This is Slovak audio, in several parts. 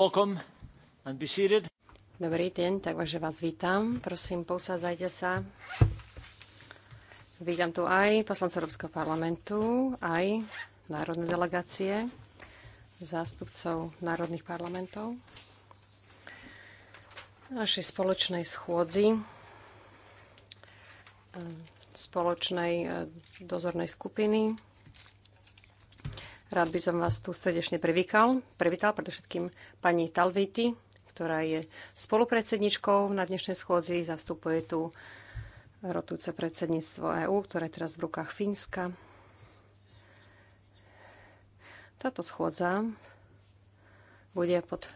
Welcome and be seated. Dobrý deň, takže vás vítam. Prosím, posádzajte sa. Vítam tu aj poslancov Európskeho parlamentu, aj národné delegácie, zástupcov národných parlamentov. Našej spoločnej schôdzi, eh, spoločnej eh, dozornej skupiny Rád by som vás tu srdečne privítal. Privítal predovšetkým pani Talviti, ktorá je spolupredsedničkou na dnešnej schôdzi. Zastupuje tu rotúce predsedníctvo EÚ, ktoré je teraz v rukách Fínska. Táto schôdza bude pod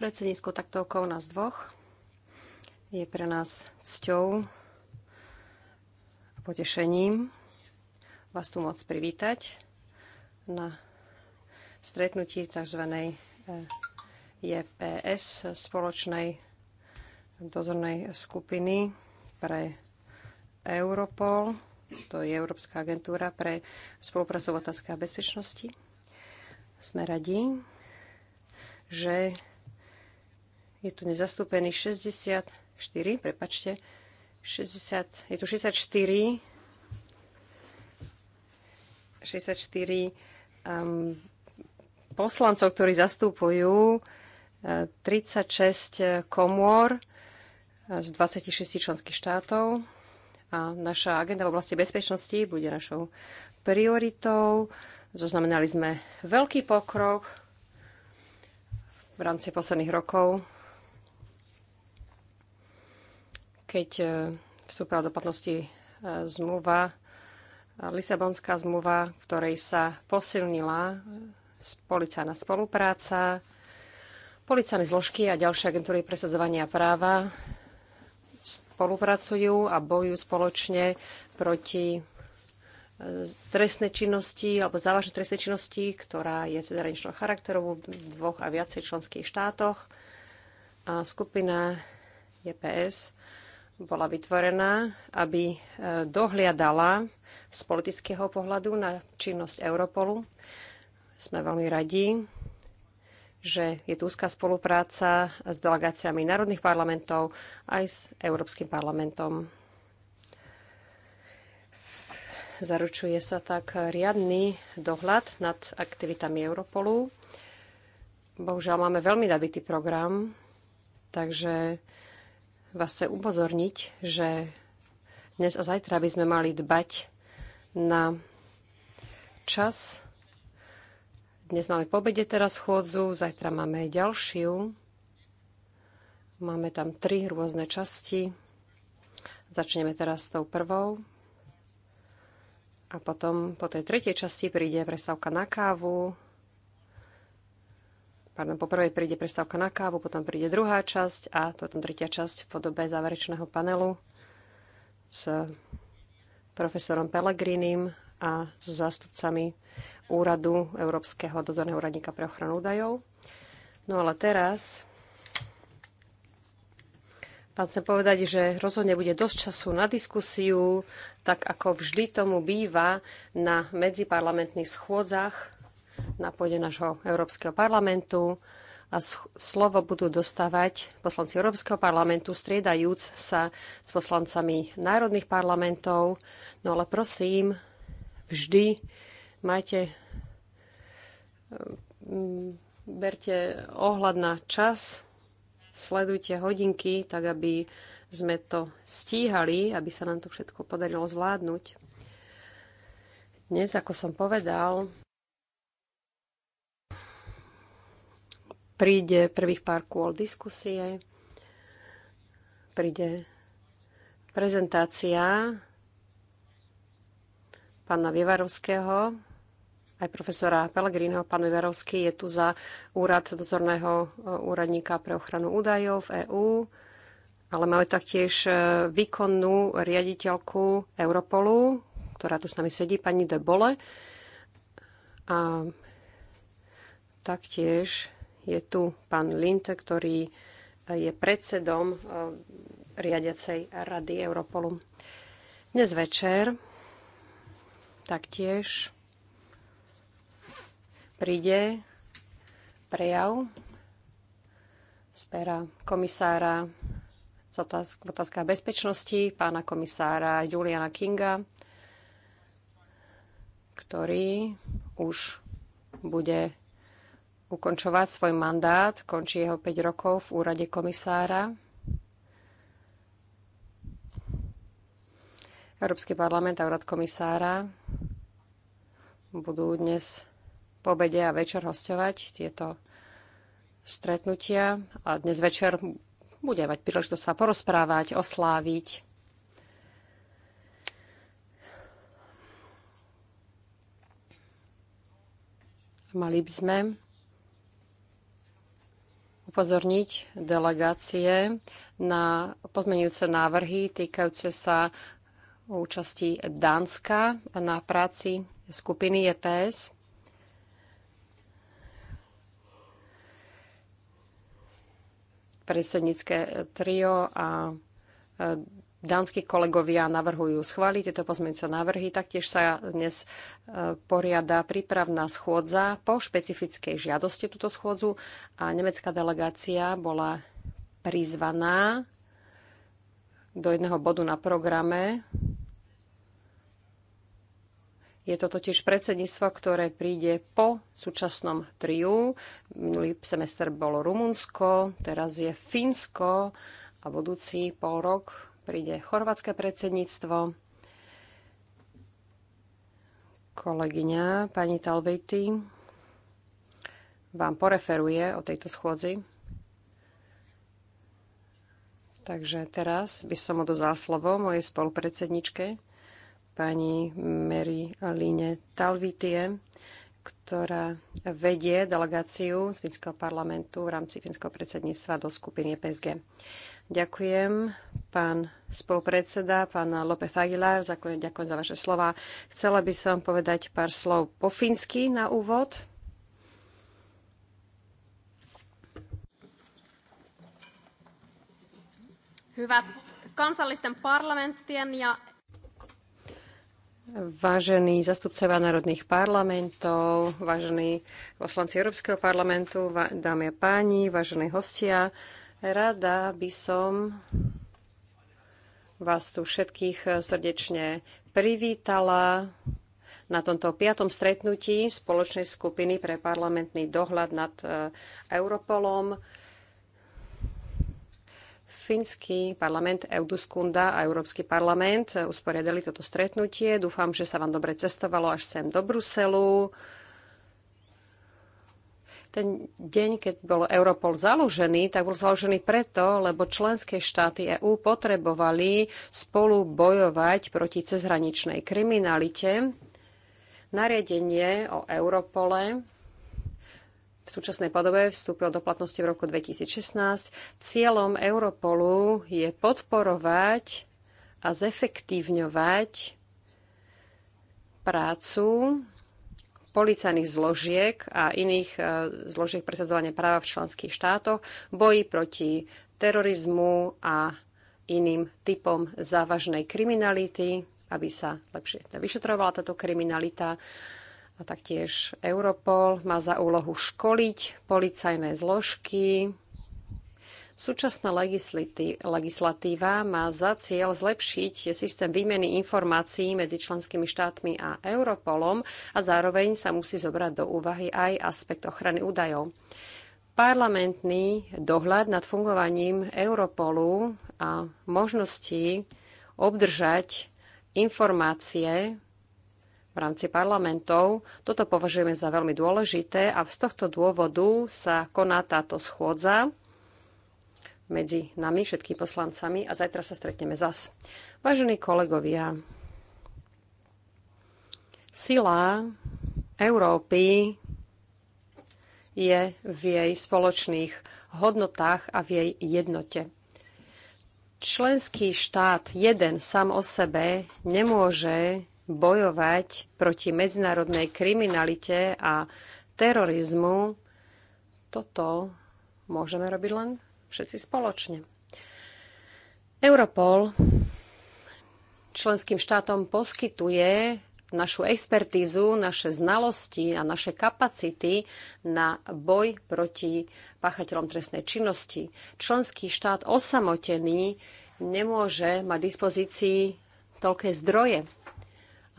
predsedníckou taktovkou nás dvoch. Je pre nás cťou a potešením vás tu môcť privítať na stretnutí tzv. Eh, JPS, spoločnej dozornej skupiny pre Europol, to je Európska agentúra pre spoluprácu v otázkach bezpečnosti. Sme radi, že je tu nezastúpený 64, prepačte, 60, je tu 64 64 um, poslancov, ktorí zastupujú 36 eh, eh, komôr eh, z 26 členských štátov a naša agenda v oblasti bezpečnosti bude našou prioritou. Zaznamenali sme veľký pokrok v rámci posledných rokov, keď vstúpila do platnosti zmluva Lisabonská zmluva, v ktorej sa posilnila policajná spolupráca, policajné zložky a ďalšie agentúry presadzovania práva spolupracujú a bojujú spoločne proti e, trestnej činnosti alebo závažnej trestnej činnosti, ktorá je teda zahraničného charakteru v dvoch a viacej členských štátoch. A skupina EPS bola vytvorená, aby e, dohliadala z politického pohľadu na činnosť Europolu. Sme veľmi radi, že je tu úzká spolupráca s delegáciami národných parlamentov aj s Európskym parlamentom. Zaručuje sa tak riadny dohľad nad aktivitami Europolu. Bohužiaľ máme veľmi nabitý program, takže vás chce upozorniť, že dnes a zajtra by sme mali dbať na čas. Dnes máme po obede teraz chôdzu, zajtra máme ďalšiu. Máme tam tri rôzne časti. Začneme teraz s tou prvou. A potom po tej tretej časti príde prestávka na kávu, pardon, po prvej príde prestávka na kávu, potom príde druhá časť a potom tretia časť v podobe záverečného panelu s profesorom Pellegrinim a so zástupcami úradu Európskeho dozorného úradníka pre ochranu údajov. No ale teraz vám chcem povedať, že rozhodne bude dosť času na diskusiu, tak ako vždy tomu býva na medziparlamentných schôdzach na pôde nášho Európskeho parlamentu a slovo budú dostávať poslanci Európskeho parlamentu, striedajúc sa s poslancami národných parlamentov. No ale prosím, vždy majte mm, berte ohľad na čas, sledujte hodinky, tak aby sme to stíhali, aby sa nám to všetko podarilo zvládnuť. Dnes, ako som povedal, príde prvých pár kôl diskusie, príde prezentácia pána Vivarovského, aj profesora Pellegrino. Pán Vivarovský je tu za úrad dozorného e, úradníka pre ochranu údajov v EÚ, ale máme taktiež e, výkonnú riaditeľku Europolu, ktorá tu s nami sedí, pani De Bole. A taktiež je tu pán Lint, ktorý eh, je predsedom eh, riadiacej rady Europolu. Dnes večer taktiež príde prejav z pera komisára v otázkach bezpečnosti, pána komisára Juliana Kinga, ktorý už bude ukončovať svoj mandát, končí jeho 5 rokov v úrade komisára. Európsky parlament a úrad komisára budú dnes po obede a večer hostovať tieto stretnutia a dnes večer bude mať príležitosť sa porozprávať, osláviť. Mali by sme upozorniť delegácie na pozmenujúce návrhy týkajúce sa účasti Dánska na práci skupiny EPS. Predsednícke trio a dánsky kolegovia navrhujú schváliť tieto pozmeňujúce návrhy. Taktiež sa dnes e, poriada prípravná schôdza po špecifickej žiadosti túto schôdzu a nemecká delegácia bola prizvaná do jedného bodu na programe. Je to totiž predsedníctvo, ktoré príde po súčasnom triu. Minulý semester bolo Rumunsko, teraz je Fínsko a budúci pol rok príde chorvátske predsedníctvo. Kolegyňa pani Talvejty vám poreferuje o tejto schôdzi. Takže teraz by som odozal slovo mojej spolupredsedničke, pani Mary Aline Talvitie, ktorá vedie delegáciu z Fínskeho parlamentu v rámci Fínskeho predsedníctva do skupiny PSG. Ďakujem, pán spolupredseda, pán López Aguilar, ďakujem za vaše slova. Chcela by som povedať pár slov po fínsky na úvod. Hyvät kansallisten parlamenttien ja Vážení zastupcovia národných parlamentov, vážení poslanci Európskeho parlamentu, dámy a páni, vážení hostia, Rada by som vás tu všetkých srdečne privítala na tomto piatom stretnutí spoločnej skupiny pre parlamentný dohľad nad e, Europolom. Fínsky parlament Euduskunda a Európsky parlament usporiadali toto stretnutie. Dúfam, že sa vám dobre cestovalo až sem do Bruselu ten deň, keď bol Europol založený, tak bol založený preto, lebo členské štáty EÚ potrebovali spolu bojovať proti cezhraničnej kriminalite. Nariadenie o Europole v súčasnej podobe vstúpil do platnosti v roku 2016. Cieľom Europolu je podporovať a zefektívňovať prácu policajných zložiek a iných e, zložiek presadzovania práva v členských štátoch, boji proti terorizmu a iným typom závažnej kriminality, aby sa lepšie vyšetrovala táto kriminalita. A taktiež Europol má za úlohu školiť policajné zložky, Súčasná legislatíva má za cieľ zlepšiť systém výmeny informácií medzi členskými štátmi a Europolom a zároveň sa musí zobrať do úvahy aj aspekt ochrany údajov. Parlamentný dohľad nad fungovaním Europolu a možnosti obdržať informácie v rámci parlamentov. Toto považujeme za veľmi dôležité a z tohto dôvodu sa koná táto schôdza medzi nami, všetkými poslancami a zajtra sa stretneme zas. Vážení kolegovia, sila Európy je v jej spoločných hodnotách a v jej jednote. Členský štát jeden sám o sebe nemôže bojovať proti medzinárodnej kriminalite a terorizmu. Toto môžeme robiť len všetci spoločne. Europol členským štátom poskytuje našu expertízu, naše znalosti a naše kapacity na boj proti páchateľom trestnej činnosti. Členský štát osamotený nemôže mať dispozícii toľké zdroje.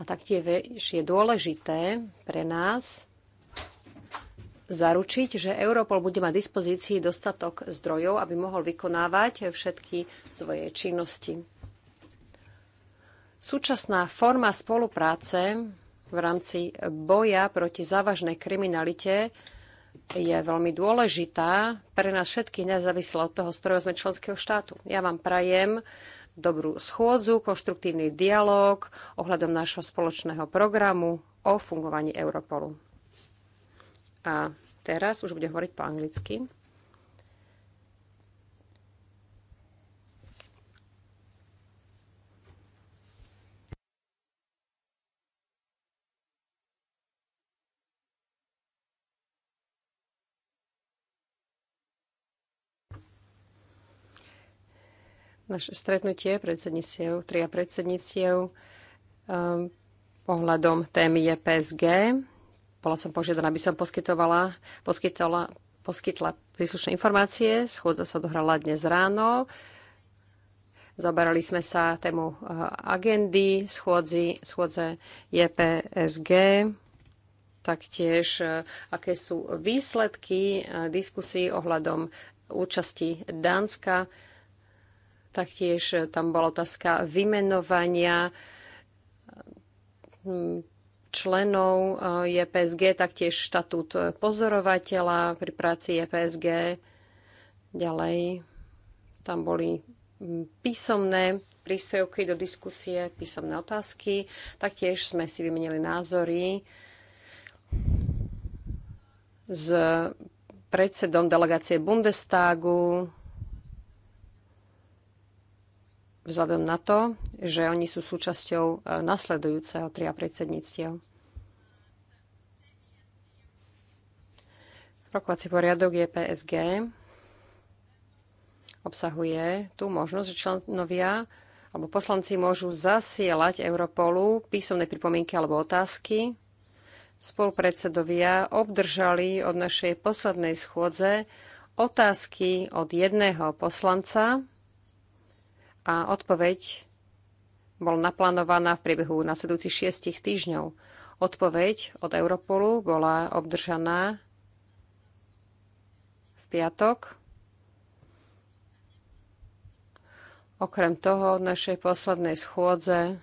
A taktiež je dôležité pre nás, zaručiť, že Europol bude mať dispozícii dostatok zdrojov, aby mohol vykonávať všetky svoje činnosti. Súčasná forma spolupráce v rámci boja proti závažnej kriminalite je veľmi dôležitá pre nás všetkých, nezávisle od toho, z ktorého sme členského štátu. Ja vám prajem dobrú schôdzu, konštruktívny dialog ohľadom nášho spoločného programu o fungovaní Europolu. A teraz už budem hovoriť po anglicky. naše stretnutie predsedníctiev, tria predsedníctiev um, ohľadom témy je PSG bola som požiadaná, aby som poskytovala, poskytala, poskytla príslušné informácie. Schôdza sa dohrala dnes ráno. Zaberali sme sa tému eh, agendy, schôdzi, schôdze JPSG, taktiež eh, aké sú výsledky eh, diskusí ohľadom účasti Dánska. Taktiež tam bola otázka vymenovania hm, členov eh, je taktiež štatút eh, pozorovateľa pri práci EPSG. Ďalej tam boli mm, písomné príspevky do diskusie, písomné otázky. Taktiež sme si vymenili názory s predsedom delegácie Bundestagu, vzhľadom na to, že oni sú súčasťou e, nasledujúceho tria predsedníctiev. Rokovací poriadok je PSG. Obsahuje tú možnosť, že členovia alebo poslanci môžu zasielať Europolu písomné pripomienky alebo otázky. Spolupredsedovia obdržali od našej poslednej schôdze otázky od jedného poslanca a odpoveď bol naplánovaná v priebehu nasledujúcich šiestich týždňov. Odpoveď od Europolu bola obdržaná v piatok. Okrem toho, od našej poslednej schôdze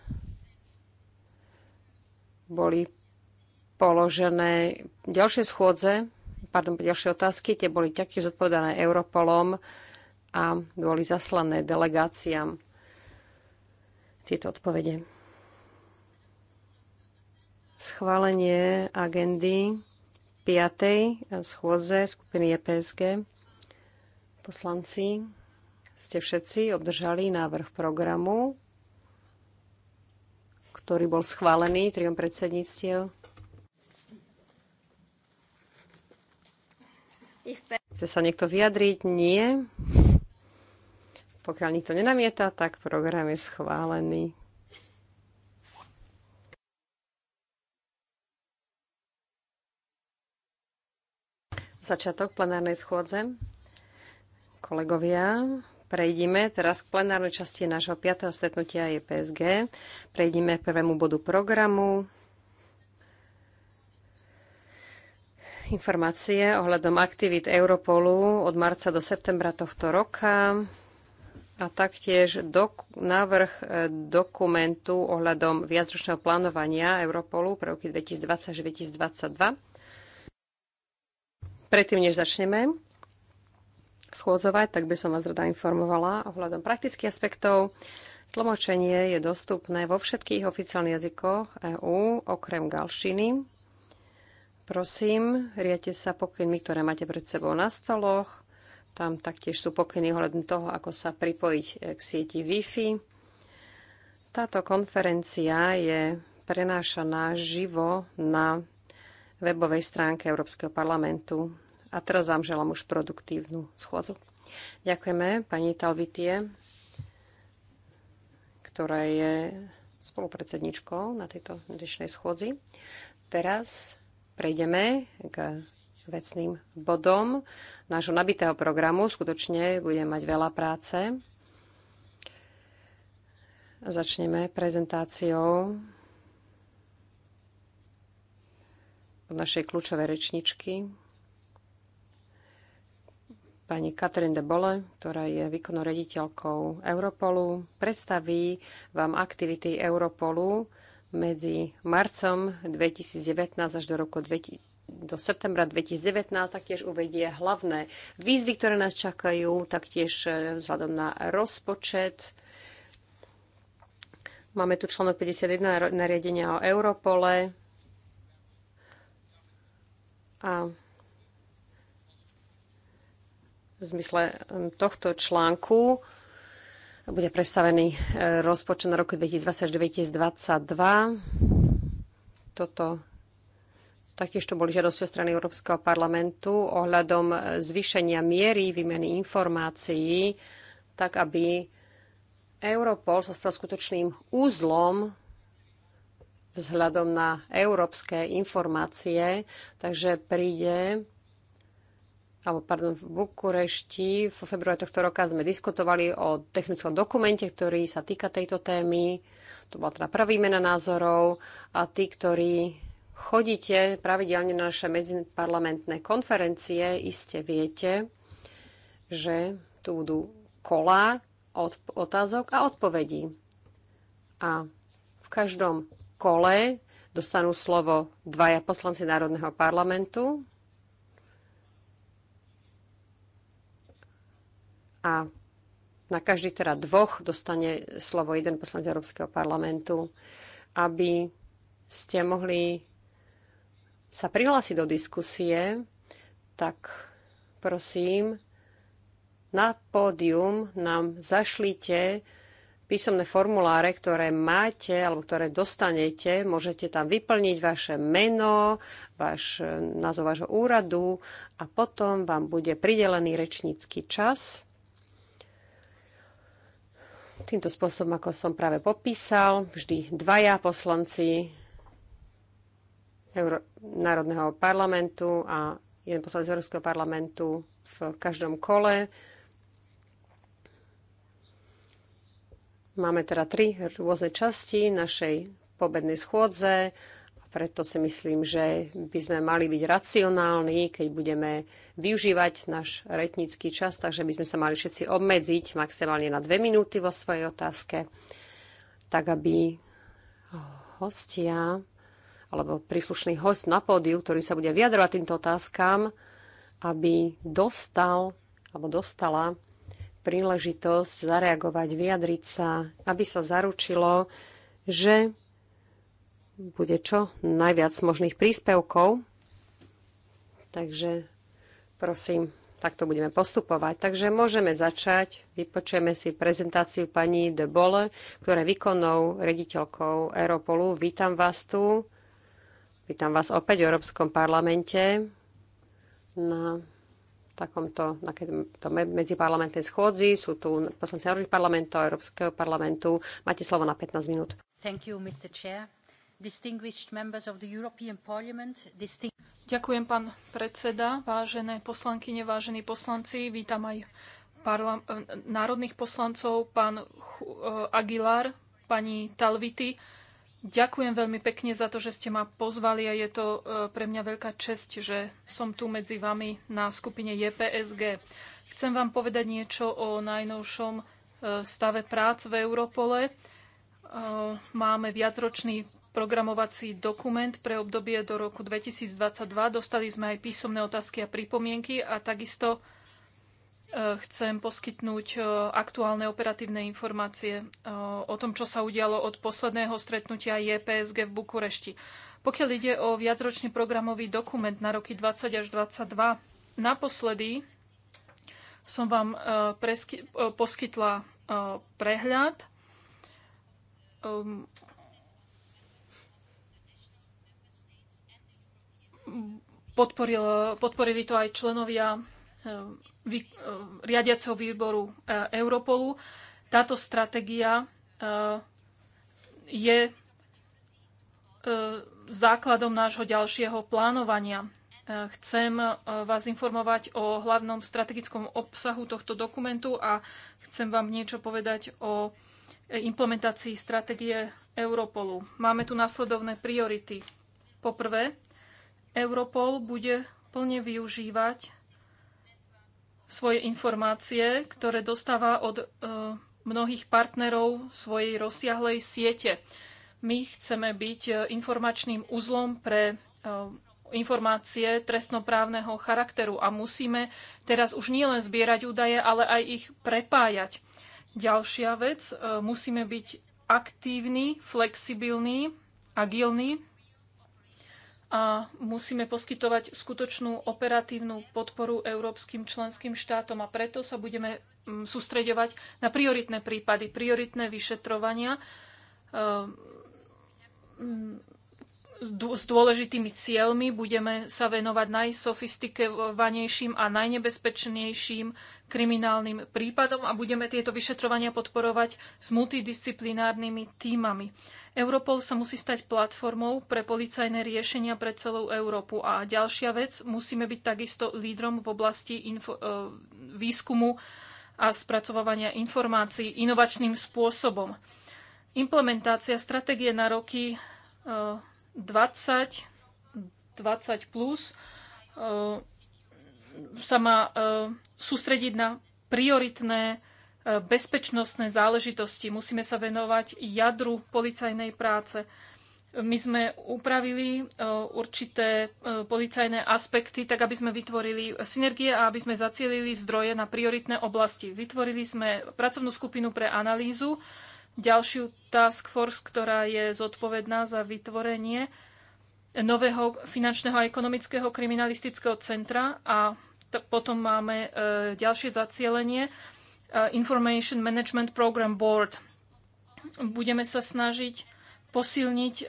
boli položené ďalšie schôdze, pardon, ďalšie otázky, tie boli taktiež zodpovedané Europolom a boli zaslané delegáciám tieto odpovede. Schválenie agendy 5. schôdze skupiny EPSG. Poslanci, ste všetci obdržali návrh programu, ktorý bol schválený triom predsedníctiev. Chce sa niekto vyjadriť? Nie. Pokiaľ nikto nenamieta, tak program je schválený. Začiatok plenárnej schôdze. Kolegovia, prejdime teraz k plenárnej časti nášho 5. stretnutia je PSG. Prejdime k prvému bodu programu. informácie ohľadom aktivít Europolu od marca do septembra tohto roka a taktiež dok- návrh e, dokumentu ohľadom viacročného plánovania Europolu pre roky 2020 až 2022. Predtým, než začneme schôdzovať, tak by som vás rada informovala ohľadom praktických aspektov. Tlmočenie je dostupné vo všetkých oficiálnych jazykoch EÚ, okrem galšiny. Prosím, riate sa pokynmi, ktoré máte pred sebou na stoloch tam taktiež sú pokyny ohľadom toho, ako sa pripojiť eh, k sieti Wi-Fi. Táto konferencia je prenášaná živo na webovej stránke Európskeho parlamentu. A teraz vám želám už produktívnu schôdzu. Ďakujeme pani Talvitie, ktorá je spolupredsedničkou na tejto dnešnej schôdzi. Teraz prejdeme k vecným bodom nášho nabitého programu. Skutočne budeme mať veľa práce. Začneme prezentáciou od našej kľúčovej rečničky, pani Katrin de Bolle, ktorá je výkonnou rediteľkou Europolu, predstaví vám aktivity Europolu medzi marcom 2019 až do roku 20, do septembra 2019 taktiež uvedie hlavné výzvy, ktoré nás čakajú, taktiež e, vzhľadom na rozpočet. Máme tu článok 51 nariadenia o Europole. A v zmysle tohto článku bude predstavený e, rozpočet na roku 2020 až 2022. Toto Taktiež to boli žiadosti o strany Európskeho parlamentu ohľadom zvýšenia miery výmeny informácií, tak aby Europol sa stal skutočným úzlom vzhľadom na európske informácie, takže príde alebo pardon, v Bukurešti v februári tohto roka sme diskutovali o technickom dokumente, ktorý sa týka tejto témy. To bola teda prvá výmena názorov a tí, ktorí chodíte pravidelne na naše medziparlamentné konferencie, iste viete, že tu budú kola od, otázok a odpovedí. A v každom kole dostanú slovo dvaja poslanci Národného parlamentu a na každých teda dvoch dostane slovo jeden poslanec Európskeho parlamentu, aby ste mohli sa prihlási do diskusie, tak prosím, na pódium nám zašlite písomné formuláre, ktoré máte alebo ktoré dostanete. Môžete tam vyplniť vaše meno, váš eh, názov vášho úradu a potom vám bude pridelený rečnícky čas. Týmto spôsobom, ako som práve popísal, vždy dvaja poslanci Euró- Národného parlamentu a jeden poslanec Európskeho parlamentu v každom kole. Máme teda tri rôzne časti našej pobednej schôdze a preto si myslím, že by sme mali byť racionálni, keď budeme využívať náš retnícky čas, takže by sme sa mali všetci obmedziť maximálne na dve minúty vo svojej otázke, tak aby hostia alebo príslušný host na pódiu, ktorý sa bude vyjadrovať týmto otázkam, aby dostal alebo dostala príležitosť zareagovať, vyjadriť sa, aby sa zaručilo, že bude čo najviac možných príspevkov. Takže prosím, takto budeme postupovať. Takže môžeme začať. Vypočujeme si prezentáciu pani De Bole, ktorá je výkonnou rediteľkou Europolu. Vítam vás tu. Vítam vás opäť v Európskom parlamente na takomto na to medziparlamentnej schôdzi. Sú tu poslanci Európskeho parlamentu a Európskeho parlamentu. Máte slovo na 15 minút. Thank you, Mr. Chair. Distinguished members of the European Parliament, Ďakujem, pán predseda, vážené poslankyne, vážení poslanci. Vítam aj parla- eh, národných poslancov, pán eh, Aguilar, pani Talvity Ďakujem veľmi pekne za to, že ste ma pozvali a je to e, pre mňa veľká čest, že som tu medzi vami na skupine JPSG. Chcem vám povedať niečo o najnovšom e, stave prác v Europole. E, máme viacročný programovací dokument pre obdobie do roku 2022. Dostali sme aj písomné otázky a pripomienky a takisto E, chcem poskytnúť e, aktuálne operatívne informácie e, o tom, čo sa udialo od posledného stretnutia JPSG v Bukurešti. Pokiaľ ide o viacročný programový dokument na roky 20 až 22, naposledy som vám poskytla prehľad. Ehm, podporil, podporili to aj členovia E, e, riadiaceho výboru e, Europolu. Táto stratégia je základom nášho ďalšieho plánovania. Chcem vás informovať o hlavnom strategickom obsahu tohto dokumentu a chcem vám niečo povedať o implementácii stratégie Europolu. Máme tu následovné priority. Poprvé, Europol bude plne využívať svoje informácie, ktoré dostáva od e, mnohých partnerov svojej rozsiahlej siete. My chceme byť e, informačným uzlom pre e, informácie trestnoprávneho charakteru a musíme teraz už nielen zbierať údaje, ale aj ich prepájať. Ďalšia vec, musíme byť aktívni, flexibilní, agilní a musíme poskytovať skutočnú operatívnu podporu európskym členským štátom a preto sa budeme mm, sústreďovať na prioritné prípady, prioritné vyšetrovania ehm, mm, s dôležitými cieľmi. Budeme sa venovať najsofistikovanejším a najnebezpečnejším kriminálnym prípadom a budeme tieto vyšetrovania podporovať s multidisciplinárnymi týmami. Europol sa musí stať platformou pre policajné riešenia pre celú Európu. A ďalšia vec, musíme byť takisto lídrom v oblasti info, e, výskumu a spracovávania informácií inovačným spôsobom. Implementácia stratégie na roky e, 20, 20 plus e, sa má e, sústrediť na prioritné e, bezpečnostné záležitosti. Musíme sa venovať jadru policajnej práce. My sme upravili určité policajné aspekty, tak aby sme vytvorili synergie a aby sme zacielili zdroje na prioritné oblasti. Vytvorili sme pracovnú skupinu pre analýzu ďalšiu task force, ktorá je zodpovedná za vytvorenie nového finančného a ekonomického kriminalistického centra a potom máme e, ďalšie zacielenie e, Information Management Program Board. Budeme sa snažiť posilniť e,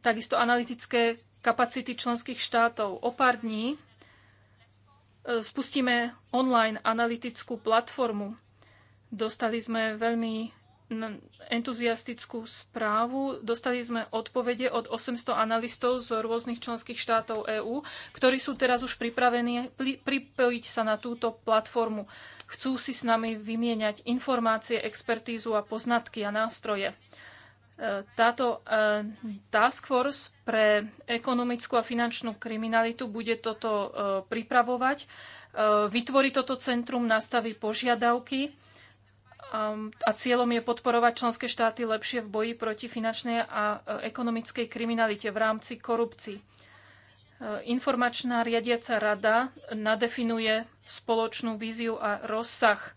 takisto analytické kapacity členských štátov. O pár dní e, spustíme online analytickú platformu. Dostali sme veľmi entuziastickú správu. Dostali sme odpovede od 800 analistov z rôznych členských štátov EÚ, ktorí sú teraz už pripravení pripojiť sa na túto platformu. Chcú si s nami vymieňať informácie, expertízu a poznatky a nástroje. E, táto e, task force pre ekonomickú a finančnú kriminalitu bude toto e, pripravovať, vytvorí toto centrum, nastaví požiadavky a cieľom je podporovať členské štáty lepšie v boji proti finančnej a e, ekonomickej kriminalite v rámci korupcii. E, informačná riadiaca rada nadefinuje spoločnú víziu a rozsah e,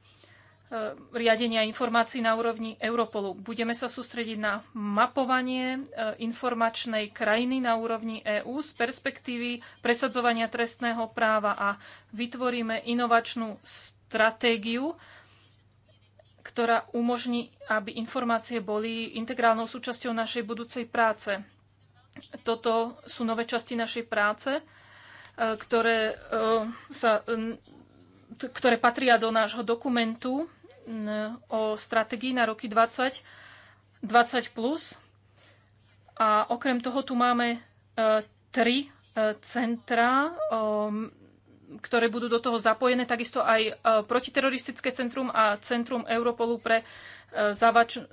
riadenia informácií na úrovni Europolu. Budeme sa sústrediť na mapovanie informačnej krajiny na úrovni EÚ z perspektívy presadzovania trestného práva a vytvoríme inovačnú stratégiu ktorá umožní, aby informácie boli integrálnou súčasťou našej budúcej práce. Toto sú nové časti našej práce, e, ktoré, e, sa, ktoré patria do nášho dokumentu o strategii na roky 20, 20 plus. A okrem toho tu máme e, tri centra ktoré budú do toho zapojené, takisto aj e, protiteroristické centrum a centrum Europolu pre e,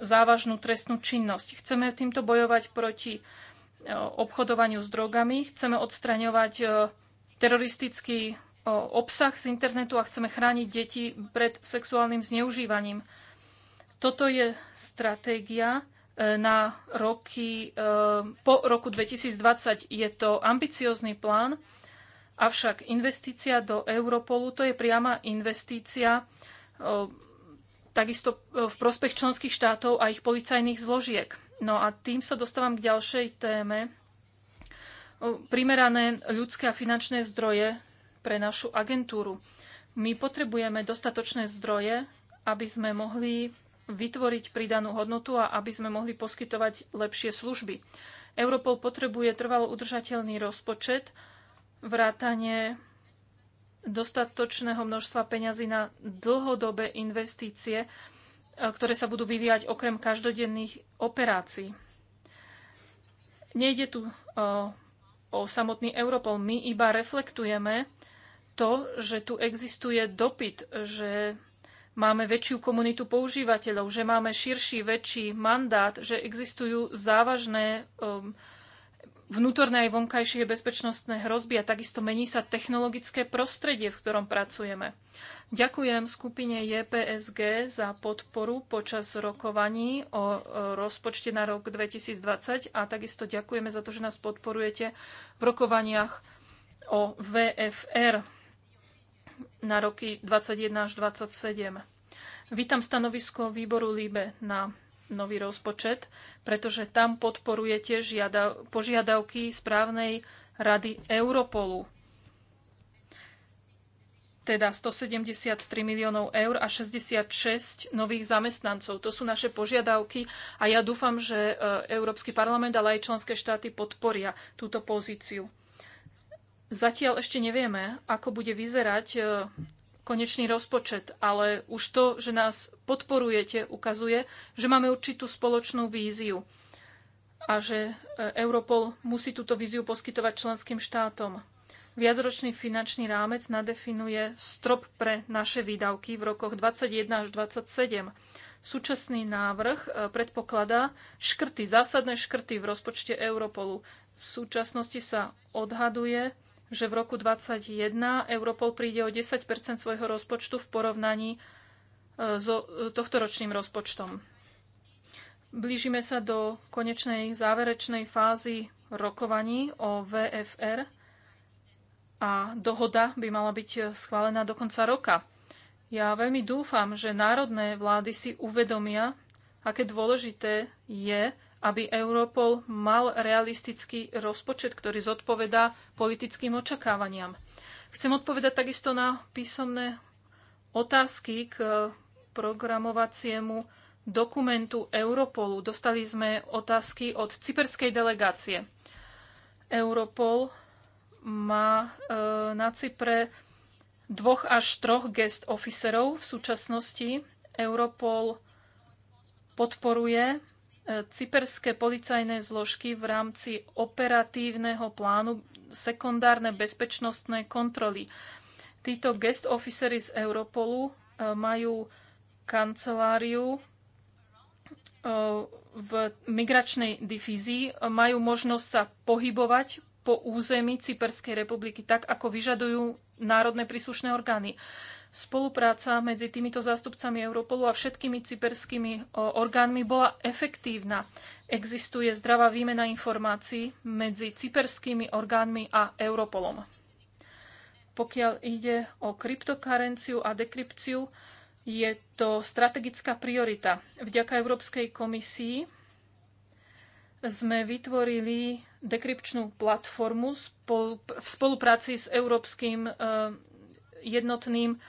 závažnú trestnú činnosť. Chceme týmto bojovať proti e, obchodovaniu s drogami, chceme odstraňovať teroristický obsah z internetu a chceme chrániť deti pred sexuálnym zneužívaním. Toto je stratégia na roky, po roku 2020. Je to ambiciózny plán, Avšak investícia do Europolu to je priama investícia takisto v prospech členských štátov a ich policajných zložiek. No a tým sa dostávam k ďalšej téme. Primerané ľudské a finančné zdroje pre našu agentúru. My potrebujeme dostatočné zdroje, aby sme mohli vytvoriť pridanú hodnotu a aby sme mohli poskytovať lepšie služby. Europol potrebuje trvalo udržateľný rozpočet vrátanie dostatočného množstva peňazí na dlhodobé investície, e, ktoré sa budú vyvíjať okrem každodenných operácií. Nejde tu o, e, o samotný Europol. My iba reflektujeme to, že tu existuje dopyt, že máme väčšiu komunitu používateľov, že máme širší, väčší mandát, že existujú závažné um, vnútorné aj vonkajšie bezpečnostné hrozby a takisto mení sa technologické prostredie, v ktorom pracujeme. Ďakujem skupine JPSG za podporu počas rokovaní o e, rozpočte na rok 2020 a takisto ďakujeme za to, že nás podporujete v rokovaniach o VFR na roky 2021 až 2027. Vítam stanovisko výboru LIBE na nový rozpočet, pretože tam podporujete žiada- požiadavky správnej rady Europolu. Teda 173 miliónov eur a 66 nových zamestnancov. To sú naše požiadavky a ja dúfam, že e, Európsky parlament, ale aj členské štáty podporia túto pozíciu. Zatiaľ ešte nevieme, ako bude vyzerať e, konečný rozpočet, ale už to, že nás podporujete, ukazuje, že máme určitú spoločnú víziu a že e, Europol musí túto víziu poskytovať členským štátom. Viacročný finančný rámec nadefinuje strop pre naše výdavky v rokoch 2021 až 2027. Súčasný návrh e, predpokladá škrty, zásadné škrty v rozpočte Europolu. V súčasnosti sa odhaduje, že v roku 2021 Europol príde o 10 svojho rozpočtu v porovnaní e, so e, tohtoročným rozpočtom. Blížime sa do konečnej záverečnej fázy rokovaní o VFR a dohoda by mala byť schválená do konca roka. Ja veľmi dúfam, že národné vlády si uvedomia, aké dôležité je aby Europol mal realistický rozpočet, ktorý zodpovedá politickým očakávaniam. Chcem odpovedať takisto na písomné otázky k e, programovaciemu dokumentu Europolu. Dostali sme otázky od cyperskej delegácie. Europol má e, na Cypre dvoch až troch guest officerov v súčasnosti. Europol podporuje Cyperské policajné zložky v rámci operatívneho plánu sekundárne bezpečnostné kontroly. Títo guest officery z Europolu e, majú kanceláriu e, v migračnej difízii, e, majú možnosť sa pohybovať po území Cyperskej republiky tak, ako vyžadujú národné príslušné orgány. Spolupráca medzi týmito zástupcami Europolu a všetkými cyperskými orgánmi bola efektívna. Existuje zdravá výmena informácií medzi cyperskými orgánmi a Europolom. Pokiaľ ide o kryptokarenciu a dekrypciu, je to strategická priorita. Vďaka Európskej komisii sme vytvorili dekrypčnú platformu v spolupráci s Európskym e, jednotným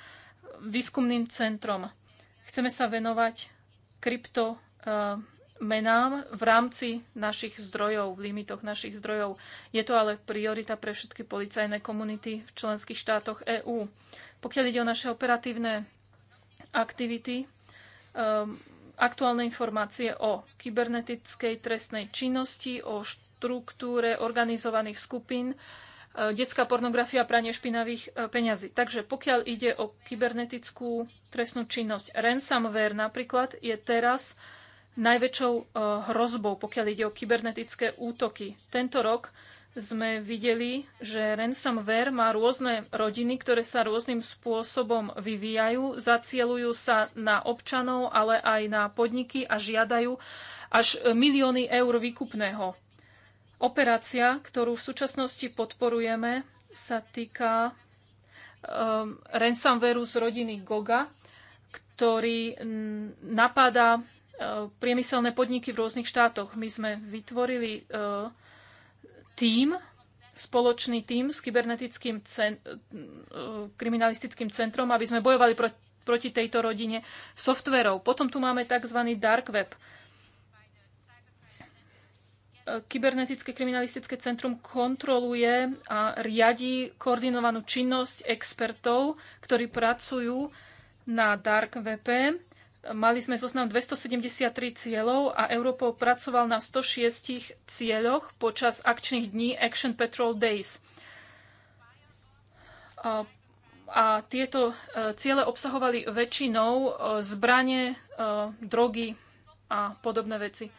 výskumným centrom. Chceme sa venovať krypto eh, menám v rámci našich zdrojov, v limitoch našich zdrojov. Je to ale priorita pre všetky policajné komunity v členských štátoch EÚ. Pokiaľ ide o naše operatívne aktivity, eh, aktuálne informácie o kybernetickej trestnej činnosti, o štruktúre organizovaných skupín, E, detská pornografia a pranie špinavých e, peňazí. Takže pokiaľ ide o kybernetickú trestnú činnosť, ransomware napríklad je teraz najväčšou e, hrozbou, pokiaľ ide o kybernetické útoky. Tento rok sme videli, že ransomware má rôzne rodiny, ktoré sa rôznym spôsobom vyvíjajú, zacielujú sa na občanov, ale aj na podniky a žiadajú až milióny eur výkupného. Operácia, ktorú v súčasnosti podporujeme, sa týka um, ransomwareu z rodiny Goga, ktorý napadá uh, priemyselné podniky v rôznych štátoch. My sme vytvorili uh, tím, spoločný tím s kybernetickým cen, uh, kriminalistickým centrom, aby sme bojovali proti tejto rodine softverov. Potom tu máme tzv. dark web. E, kybernetické kriminalistické centrum kontroluje a riadi koordinovanú činnosť expertov, ktorí pracujú na Dark VP. Mali sme zoznam 273 cieľov a Europol pracoval na 106 cieľoch počas akčných dní Action Patrol Days. A, a tieto e, ciele obsahovali väčšinou e, zbranie, drogy a podobné veci.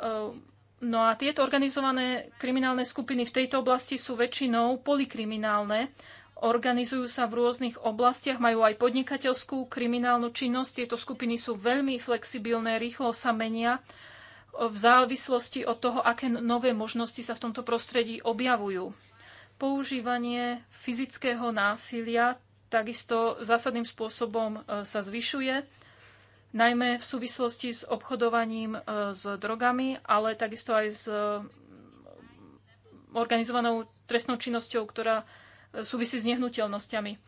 Ehm, no a tieto organizované kriminálne skupiny v tejto oblasti sú väčšinou polikriminálne, organizujú sa v rôznych oblastiach, majú aj podnikateľskú kriminálnu činnosť. Tieto skupiny sú veľmi flexibilné, rýchlo sa menia e, v závislosti od toho, aké nové možnosti sa v tomto prostredí objavujú. Používanie fyzického násilia takisto zásadným spôsobom e, sa zvyšuje najmä v súvislosti s obchodovaním e, s drogami, ale takisto aj s mm, organizovanou trestnou činnosťou, ktorá e, súvisí s nehnuteľnosťami. E,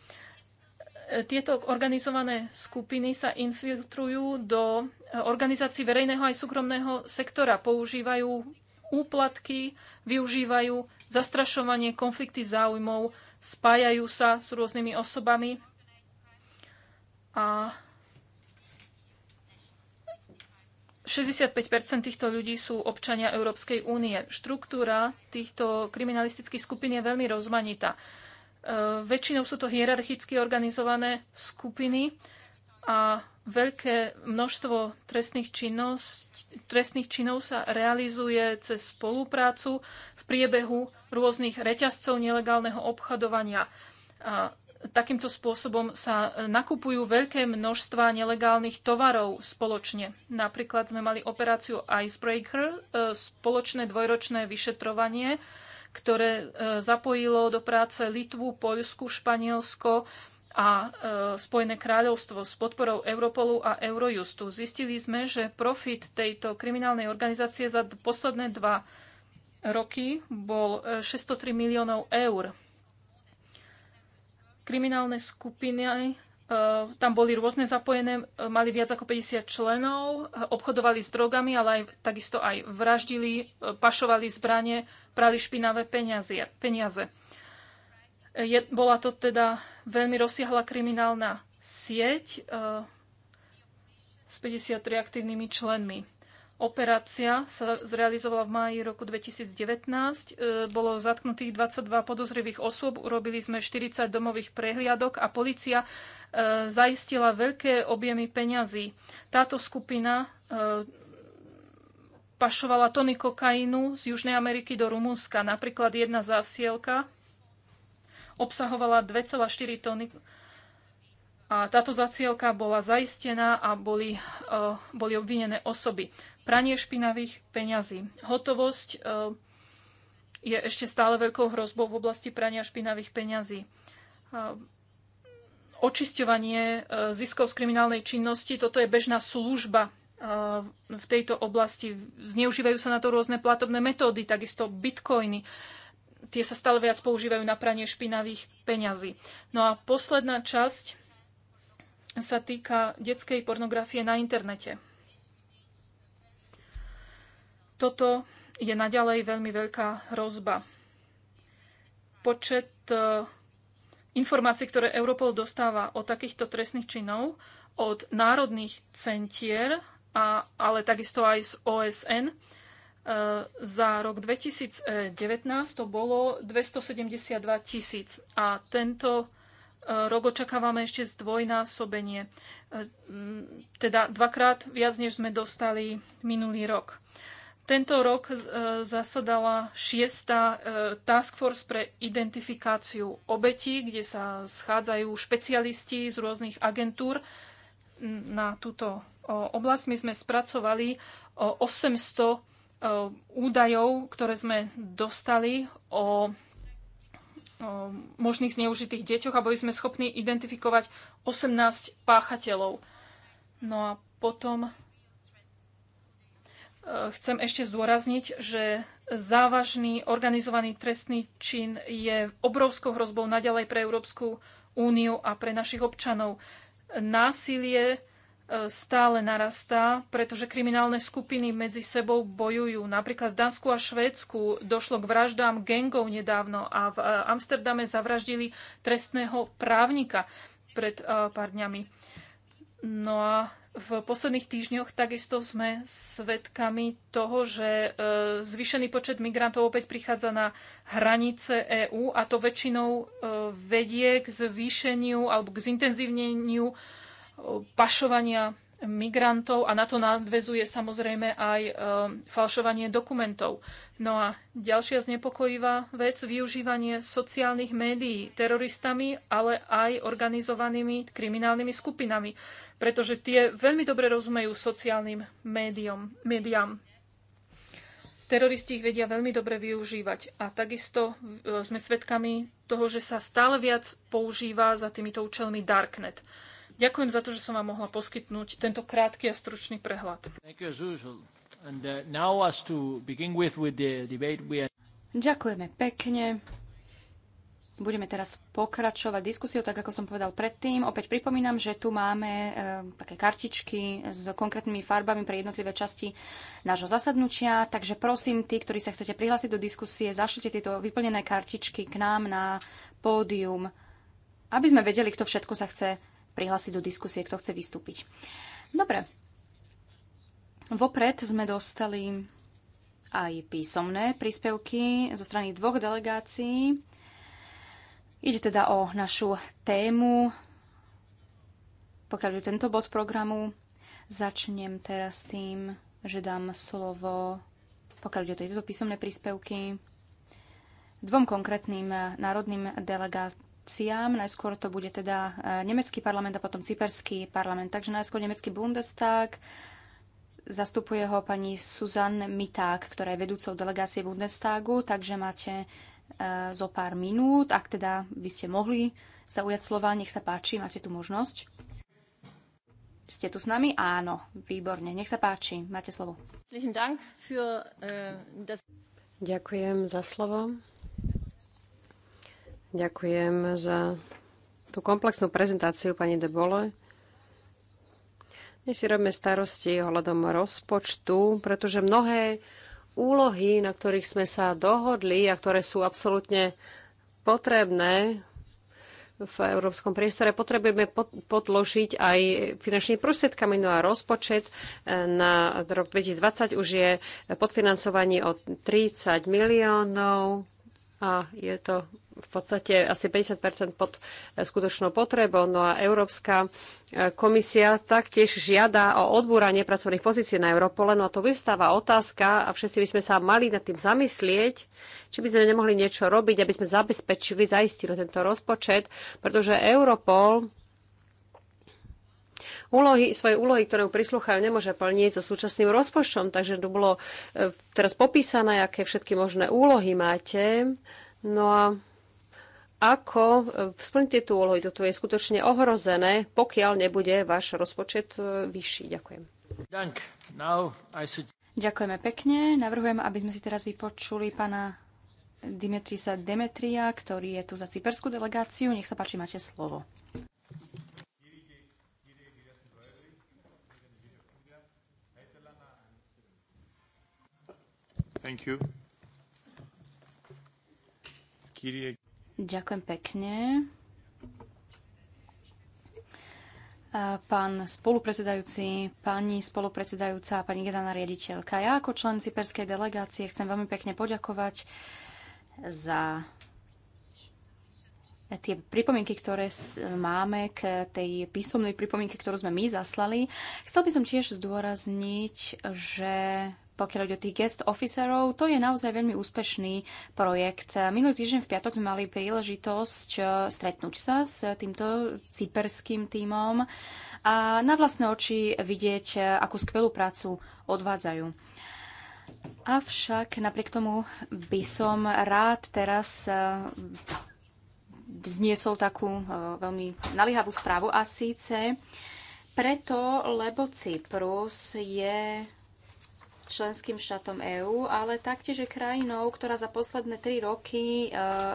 tieto organizované skupiny sa infiltrujú do organizácií verejného aj súkromného sektora. Používajú úplatky, využívajú zastrašovanie, konflikty záujmov, spájajú sa s rôznymi osobami a 65 týchto ľudí sú občania Európskej únie. Štruktúra týchto kriminalistických skupín je veľmi rozmanitá. E, väčšinou sú to hierarchicky organizované skupiny a veľké množstvo trestných činnosť, trestných činov sa realizuje cez spoluprácu v priebehu rôznych reťazcov nelegálneho obchodovania. A takýmto spôsobom sa e, nakupujú veľké množstva nelegálnych tovarov spoločne. Napríklad sme mali operáciu Icebreaker, e, spoločné dvojročné vyšetrovanie, ktoré e, zapojilo do práce Litvu, Poľsku, Španielsko a Spojené kráľovstvo s podporou Europolu a Eurojustu. Zistili sme, že profit tejto kriminálnej organizácie za posledné dva roky bol 603 miliónov eur kriminálne skupiny e, tam boli rôzne zapojené, e, mali viac ako 50 členov, e, obchodovali s drogami, ale aj, takisto aj vraždili, pašovali zbranie, prali špinavé peniaze. peniaze. Je, bola to teda veľmi rozsiahla kriminálna sieť e, s 53 aktívnymi členmi. Operácia sa zrealizovala v máji roku 2019. E, bolo zatknutých 22 podozrivých osôb, urobili sme 40 domových prehliadok a policia e, zaistila veľké objemy peňazí. Táto skupina e, pašovala tony kokainu z Južnej Ameriky do Rumúnska. Napríklad jedna zásielka obsahovala 2,4 tony kokainu a táto zacielka bola zaistená a boli, uh, boli obvinené osoby. Pranie špinavých peňazí. Hotovosť uh, je ešte stále veľkou hrozbou v oblasti prania špinavých peňazí. Uh, očisťovanie ziskov z kriminálnej činnosti, toto je bežná služba v tejto oblasti. Zneužívajú sa na to rôzne platobné metódy, takisto bitcoiny tie sa stále viac používajú na pranie špinavých peňazí. No a posledná časť sa týka detskej pornografie na internete. Toto je naďalej veľmi veľká hrozba. Počet e, informácií, ktoré Europol dostáva o takýchto trestných činov od národných centier, a, ale takisto aj z OSN, e, za rok 2019 to bolo 272 tisíc. A tento rok očakávame ešte zdvojnásobenie, e, teda dvakrát viac, než sme dostali minulý rok. Tento rok e, zasadala šiesta e, Task Force pre identifikáciu obetí, kde sa schádzajú špecialisti z rôznych agentúr na túto oblasť. My sme spracovali 800 údajov, ktoré sme dostali o možných zneužitých deťoch a boli sme schopní identifikovať 18 páchateľov. No a potom e, chcem ešte zdôrazniť, že závažný organizovaný trestný čin je obrovskou hrozbou naďalej pre Európsku úniu a pre našich občanov. Násilie stále narastá, pretože kriminálne skupiny medzi sebou bojujú. Napríklad v Dánsku a Švédsku došlo k vraždám gengov nedávno a v e, Amsterdame zavraždili trestného právnika pred e, pár dňami. No a v posledných týždňoch takisto sme svedkami toho, že e, zvýšený počet migrantov opäť prichádza na hranice EÚ a to väčšinou vedie k zvýšeniu alebo k zintenzívneniu pašovania migrantov a na to nadvezuje samozrejme aj e, falšovanie dokumentov. No a ďalšia znepokojivá vec, využívanie sociálnych médií teroristami, ale aj organizovanými kriminálnymi skupinami, pretože tie veľmi dobre rozumejú sociálnym médiom, médiám. Teroristi ich vedia veľmi dobre využívať a takisto e, sme svedkami toho, že sa stále viac používa za týmito účelmi Darknet. Ďakujem za to, že som vám mohla poskytnúť tento krátky a stručný prehľad. Uh, Ďakujeme pekne. Budeme teraz pokračovať diskusiou, tak ako som povedal predtým. Opäť pripomínam, že tu máme e, také kartičky s konkrétnymi farbami pre jednotlivé časti nášho zasadnutia, takže prosím, tí, ktorí sa chcete prihlásiť do diskusie, zašlite tieto vyplnené kartičky k nám na pódium, aby sme vedeli, kto všetko sa chce prihlásiť do diskusie, kto chce vystúpiť. Dobre. Vopred sme dostali aj písomné príspevky zo strany dvoch delegácií. Ide teda o našu tému, pokiaľ je tento bod programu. Začnem teraz tým, že dám slovo, pokiaľ ide o tieto písomné príspevky, dvom konkrétnym národným delegátom funkciám. Najskôr to bude teda eh, nemecký parlament a potom cyperský parlament. Takže najskôr nemecký Bundestag, zastupuje ho pani Suzanne Miták, ktorá je vedúcou delegácie Bundestagu, takže máte eh, zo pár minút, ak teda by ste mohli sa ujať slova, nech sa páči, máte tu možnosť. Ste tu s nami? Áno, výborne, nech sa páči, máte slovo. Eh, Ďakujem za slovo. Ďakujem za tú komplexnú prezentáciu pani de Bole. My si robíme starosti ohľadom rozpočtu, pretože mnohé úlohy, na ktorých sme sa dohodli a ktoré sú absolútne potrebné v európskom priestore, potrebujeme podložiť aj finančnými prostriedkami. No a rozpočet eh, na rok 2020 už je podfinancovanie o 30 miliónov a je to v podstate asi 50 pod e, skutočnou potrebou. No a Európska e, komisia taktiež žiada o odbúranie pracovných pozícií na Europole. No a to vystáva otázka a všetci by sme sa mali nad tým zamyslieť, či by sme nemohli niečo robiť, aby sme zabezpečili, zaistili tento rozpočet, pretože Europol úlohy, svoje úlohy, ktoré prislúchajú, nemôže plniť so súčasným rozpočtom. Takže to bolo e, teraz popísané, aké všetky možné úlohy máte. No a ako e, splniť tieto úlohy, toto je skutočne ohrozené, pokiaľ nebude váš rozpočet e, vyšší. Ďakujem. Ďakujeme pekne. Navrhujem, aby sme si teraz vypočuli pána Dimitrisa Demetria, ktorý je tu za cyperskú delegáciu. Nech sa páči, máte slovo. Ďakujem pekne. Pán spolupredsedajúci, pani spolupredsedajúca, pani generálna riaditeľka, ja ako člen cyperskej delegácie chcem veľmi pekne poďakovať za tie pripomienky, ktoré máme k tej písomnej pripomienke, ktorú sme my zaslali. Chcel by som tiež zdôrazniť, že pokiaľ ide o tých guest officerov, to je naozaj veľmi úspešný projekt. Minulý týždeň v piatok sme mali príležitosť e, stretnúť sa s týmto cyperským tímom a na vlastné oči vidieť, e, akú skvelú prácu odvádzajú. Avšak napriek tomu by som rád teraz e, vzniesol takú veľmi nalihavú správu a síce preto, lebo Cyprus je členským štátom EÚ, ale taktiež je krajinou, ktorá za posledné tri roky e,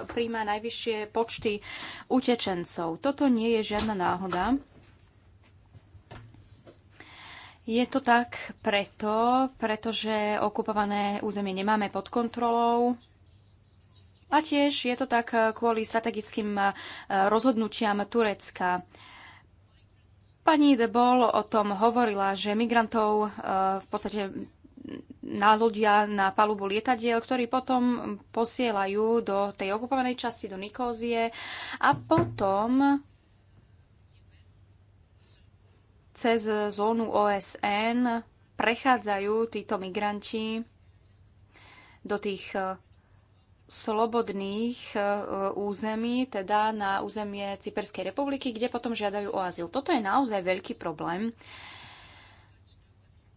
príjma najvyššie počty utečencov. Toto nie je žiadna náhoda. Je to tak preto, pretože okupované územie nemáme pod kontrolou. A tiež je to tak kvôli strategickým e, rozhodnutiam Turecka. Pani De Bol o tom hovorila, že migrantov e, v podstate na ľudia na palubu lietadiel, ktorí potom posielajú do tej okupovanej časti, do Nikózie a potom cez zónu OSN prechádzajú títo migranti do tých e, slobodných e, území, teda na územie Cyperskej republiky, kde potom žiadajú o azyl. Toto je naozaj veľký problém.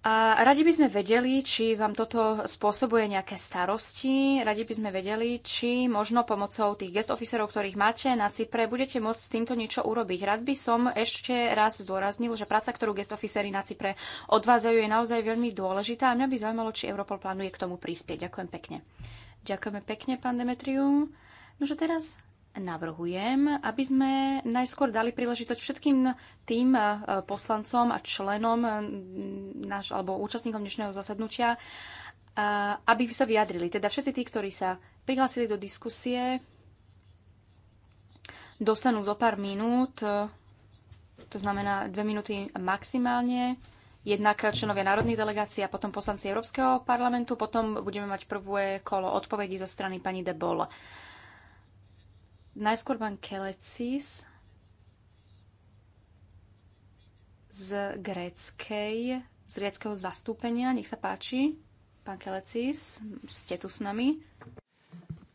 A radi by sme vedeli, či vám toto spôsobuje nejaké starosti. Radi by sme vedeli, či možno pomocou tých guest officerov, ktorých máte na Cypre, budete môcť s týmto niečo urobiť. Rad by som ešte raz zdôraznil, že práca, ktorú guest officery na Cypre odvádzajú, je naozaj veľmi dôležitá a mňa by zaujímalo, či Europol plánuje k tomu prispieť. Ďakujem pekne. Ďakujeme pekne, pán Demetriu. Nože teraz navrhujem, aby sme najskôr dali príležitosť všetkým tým eh, poslancom a členom eh, naš, alebo účastníkom dnešného zasadnutia, eh, aby sa vyjadrili. Teda všetci tí, ktorí sa prihlásili do diskusie, dostanú zo pár minút, to znamená dve minúty maximálne, jednak členovia národných delegácií a potom poslanci Európskeho parlamentu. Potom budeme mať prvé kolo odpovedí zo strany pani De Bolle. Najskôr pán Kelecis z gréckej, z gréckého zastúpenia. Nech sa páči. Pán Kelecis, ste tu s nami?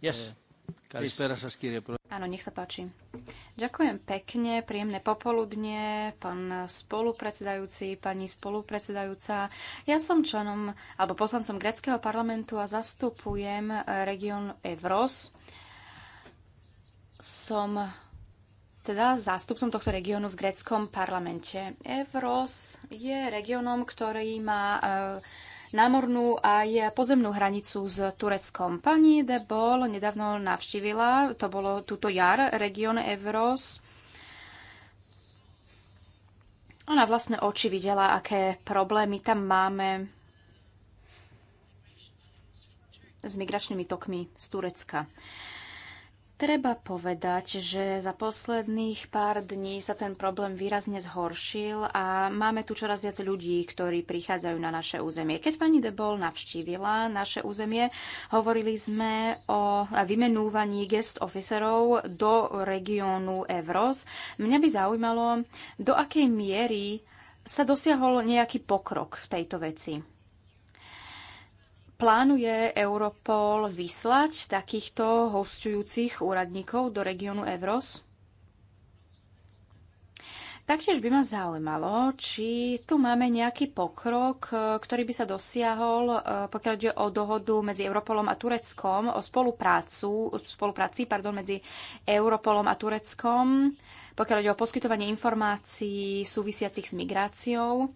Yes. Kalispera sa skýrie. Áno, nech sa páči. Ďakujem pekne, príjemné popoludne, pán spolupredsedajúci, pani spolupredsedajúca. Ja som členom alebo poslancom greckého parlamentu a zastupujem región Evros som teda zástupcom tohto regiónu v greckom parlamente. Evros je regiónom, ktorý má eh, námornú aj pozemnú hranicu s Tureckom. Pani de Bol nedávno navštívila, to bolo túto jar, región Evros. Ona vlastne oči videla, aké problémy tam máme s migračnými tokmi z Turecka. Treba povedať, že za posledných pár dní sa ten problém výrazne zhoršil a máme tu čoraz viac ľudí, ktorí prichádzajú na naše územie. Keď pani Debol navštívila naše územie, hovorili sme o vymenúvaní guest officerov do regiónu Evros. Mňa by zaujímalo, do akej miery sa dosiahol nejaký pokrok v tejto veci. Plánuje Europol vyslať takýchto hostujúcich úradníkov do regiónu Evros? Taktiež by ma zaujímalo, či tu máme nejaký pokrok, e, ktorý by sa dosiahol, e, pokiaľ ide o dohodu medzi Europolom a Tureckom, o spoluprácu, spolupráci pardon, medzi Europolom a Tureckom, pokiaľ ide o poskytovanie informácií súvisiacich s migráciou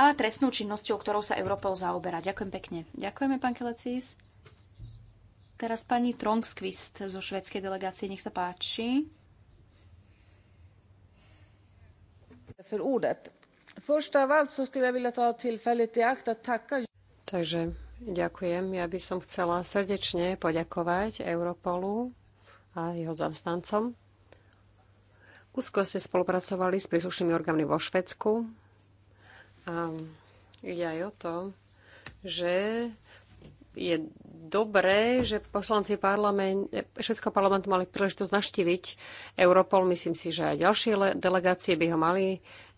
a trestnou činnosťou, ktorou sa Európou zaoberá. Ďakujem pekne. Ďakujeme, pán Kelecis. Teraz pani Trongskvist zo švedskej delegácie, nech sa páči. Takže ďakujem. Ja by som chcela srdečne poďakovať Europolu a jeho zamestnancom. Úzko ste spolupracovali s príslušnými orgánmi vo Švedsku a ide aj o to, že je dobré, že poslanci parlament, všetko parlamentu mali príležitosť naštíviť Europol. Myslím si, že aj ďalšie delegácie by ho mali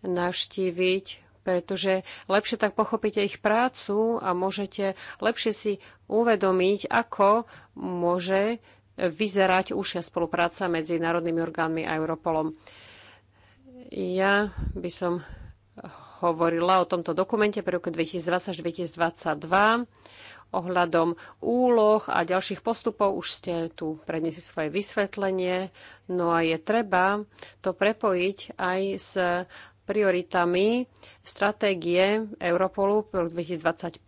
navštíviť, pretože lepšie tak pochopíte ich prácu a môžete lepšie si uvedomiť, ako môže vyzerať užšia spolupráca medzi národnými orgánmi a Europolom. Ja by som hovorila o tomto dokumente pre roku 2020-2022 ohľadom úloh a ďalších postupov. Už ste tu predniesli svoje vysvetlenie. No a je treba to prepojiť aj s prioritami stratégie Europolu pro 2020+,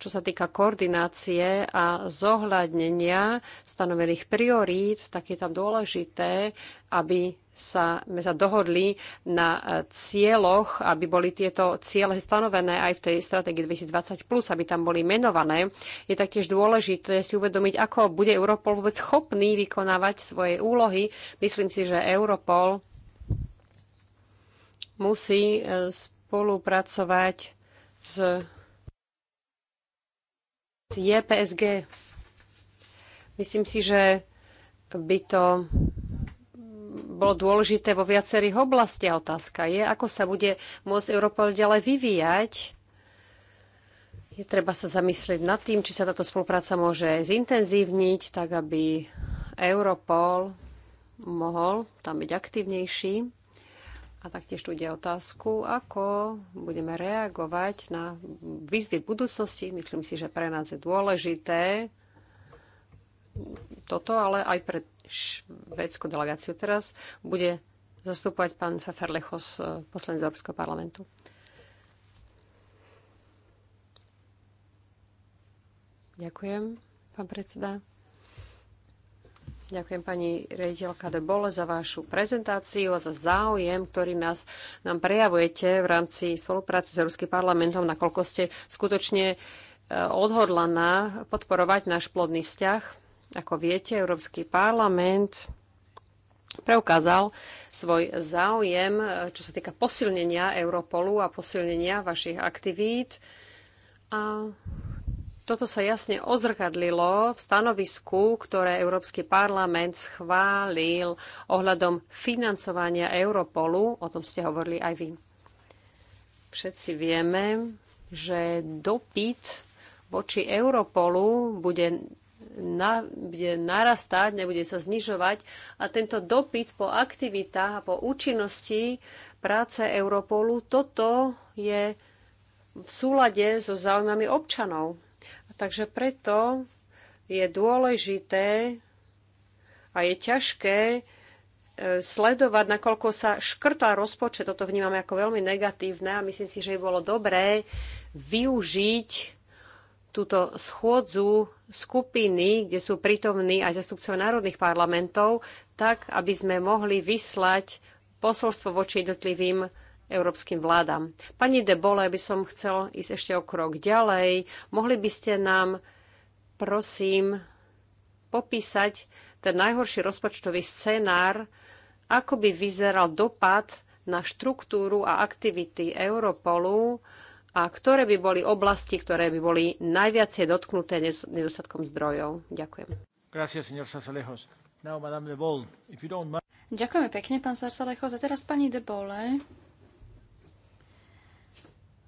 čo sa týka koordinácie a zohľadnenia stanovených priorít, tak je tam dôležité, aby sa, sme sa dohodli na e, cieľoch, aby boli tieto ciele stanovené aj v tej stratégii 2020+, aby tam boli menované. Je taktiež dôležité si uvedomiť, ako bude Europol vôbec schopný vykonávať svoje úlohy. Myslím si, že Europol musí e, spolupracovať s JPSG. Myslím si, že by to bolo dôležité vo viacerých oblastiach. Otázka je, ako sa bude môcť Európa ďalej vyvíjať. Je treba sa zamyslieť nad tým, či sa táto spolupráca môže zintenzívniť, tak aby Europol mohol tam byť aktívnejší. A taktiež tu ide otázku, ako budeme reagovať na výzvy budúcnosti. Myslím si, že pre nás je dôležité toto, ale aj pre švédsku delegáciu. Teraz bude zastupovať pán lechos, e, poslanec Európskeho parlamentu. Ďakujem, pán predseda. Ďakujem pani rediteľka de Bole za vašu prezentáciu a za záujem, ktorý nás, nám prejavujete v rámci spolupráce s Európskym parlamentom, nakoľko ste skutočne e, odhodlaná podporovať náš plodný vzťah ako viete, Európsky parlament preukázal svoj záujem, e, čo sa týka posilnenia Europolu a posilnenia vašich aktivít. A toto sa jasne odzrkadlilo v stanovisku, ktoré Európsky parlament schválil ohľadom financovania Europolu. O tom ste hovorili aj vy. Všetci vieme, že dopyt voči Europolu bude na, bude narastať, nebude sa znižovať a tento dopyt po aktivitách a po účinnosti práce Europolu, toto je v súlade so záujmami občanov. Takže preto je dôležité a je ťažké e, sledovať, nakoľko sa škrtá rozpočet. Toto vnímame ako veľmi negatívne a myslím si, že by bolo dobré využiť túto schôdzu skupiny, kde sú prítomní aj zastupcov národných parlamentov, tak, aby sme mohli vyslať posolstvo voči jednotlivým európskym vládam. Pani de Bole, by som chcel ísť ešte o krok ďalej. Mohli by ste nám, prosím, popísať ten najhorší rozpočtový scenár, ako by vyzeral dopad na štruktúru a aktivity Europolu, a ktoré by boli oblasti, ktoré by boli najviac dotknuté nedostatkom zdrojov. Ďakujem. Gracias, señor Sarsalejos. Now, Madame de Bol, if you don't mind... Ďakujeme pekne, pán Sarsalejos. A teraz pani de Bolle,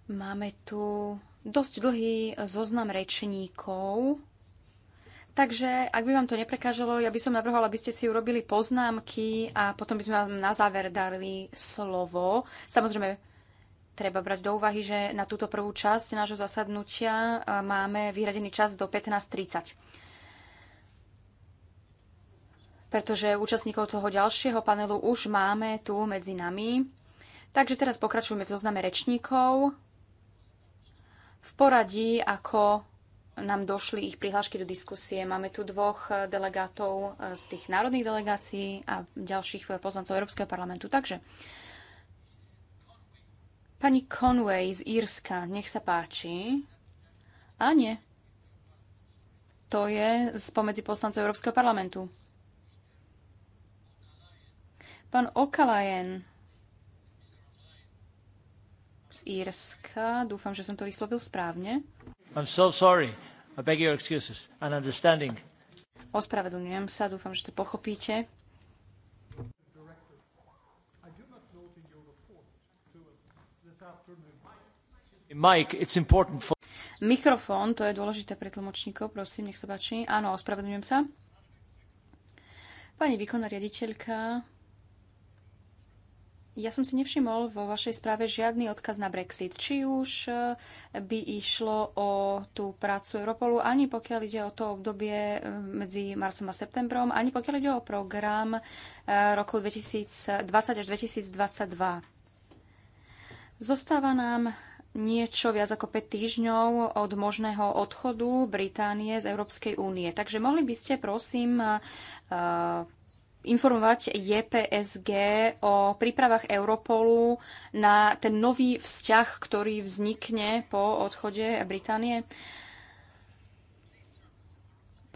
Máme tu dosť dlhý zoznam rečníkov. Takže ak by vám to neprekážalo, ja by som navrhovala, aby ste si urobili poznámky a potom by sme vám na záver dali slovo. Samozrejme, Treba brať do úvahy, že na túto prvú časť nášho zasadnutia e, máme vyhradený čas do 15.30. Pretože účastníkov toho ďalšieho panelu už máme tu medzi nami. Takže teraz pokračujeme v zozname rečníkov v poradí, ako nám došli ich prihlášky do diskusie. Máme tu dvoch e, delegátov e, z tých národných delegácií a ďalších pozvancov Európskeho parlamentu. Takže Pani Conway z Írska, nech sa páči. A nie. To je spomedzi poslancov Európskeho parlamentu. Pán Okalajen z Írska. Dúfam, že som to vyslovil správne. I'm so sorry. I beg your excuses and understanding. Ospravedlňujem sa, dúfam, že to pochopíte. Mike, Mikrofón, to je dôležité pre tlmočníkov, prosím, nech sa páči. Áno, ospravedlňujem sa. Pani výkonná riaditeľka, ja som si nevšimol vo vašej správe žiadny odkaz na Brexit. Či už eh, by išlo o tú prácu Europolu, ani pokiaľ ide o to obdobie eh, medzi marcom a septembrom, ani pokiaľ ide o program eh, roku 2020 až 2022. Zostáva nám niečo viac ako 5 týždňov od možného odchodu Británie z Európskej únie. Takže mohli by ste prosím e, e, informovať JPSG o prípravách Europolu na ten nový vzťah, ktorý vznikne po odchode Británie. Uh,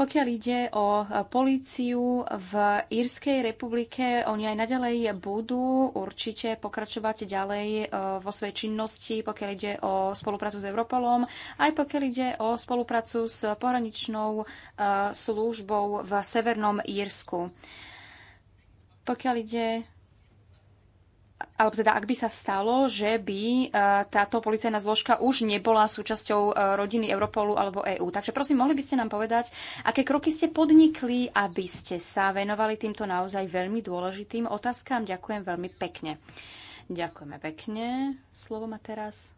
pokiaľ ide o políciu v Írskej republike, oni aj naďalej budú určite pokračovať ďalej e, vo svojej činnosti, pokiaľ ide o spoluprácu s Europolom, aj pokiaľ ide o spoluprácu s pohraničnou e, službou v Severnom Írsku. Pokiaľ ide alebo teda ak by sa stalo, že by e, táto policajná zložka už nebola súčasťou e, rodiny Europolu alebo EÚ. Takže prosím, mohli by ste nám povedať, aké kroky ste podnikli, aby ste sa venovali týmto naozaj veľmi dôležitým otázkam. Ďakujem veľmi pekne. Ďakujeme pekne. Slovo má teraz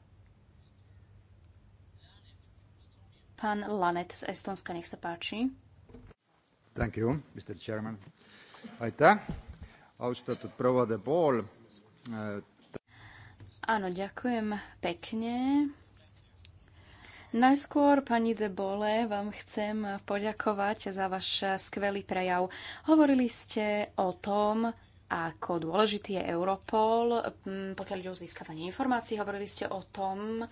pán Lanet z Estonska. Nech sa páči. Thank you, Mr. Chairman. austatud proua de Pool Áno, ďakujem pekne. Najskôr, pani De Bole, vám chcem poďakovať za váš skvelý prejav. Hovorili ste o tom, ako dôležitý je Europol, pokiaľ ide o získavanie informácií. Hovorili ste o tom,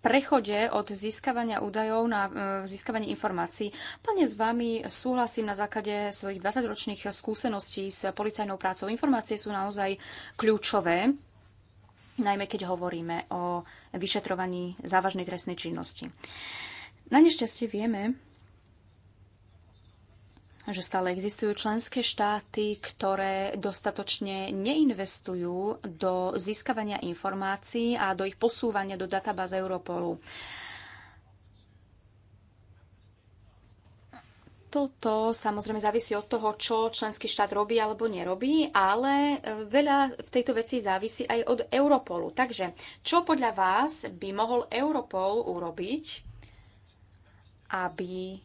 prechode od získavania údajov na e, získavanie informácií. Plne s vami súhlasím na základe svojich 20-ročných skúseností s policajnou prácou. Informácie sú naozaj kľúčové, najmä keď hovoríme o vyšetrovaní závažnej trestnej činnosti. Na nešťastie vieme, že stále existujú členské štáty, ktoré dostatočne neinvestujú do získavania informácií a do ich posúvania do databáz Europolu. toto samozrejme závisí od toho, čo členský štát robí alebo nerobí, ale e, veľa v tejto veci závisí aj od Europolu. Takže čo podľa vás by mohol Europol urobiť, aby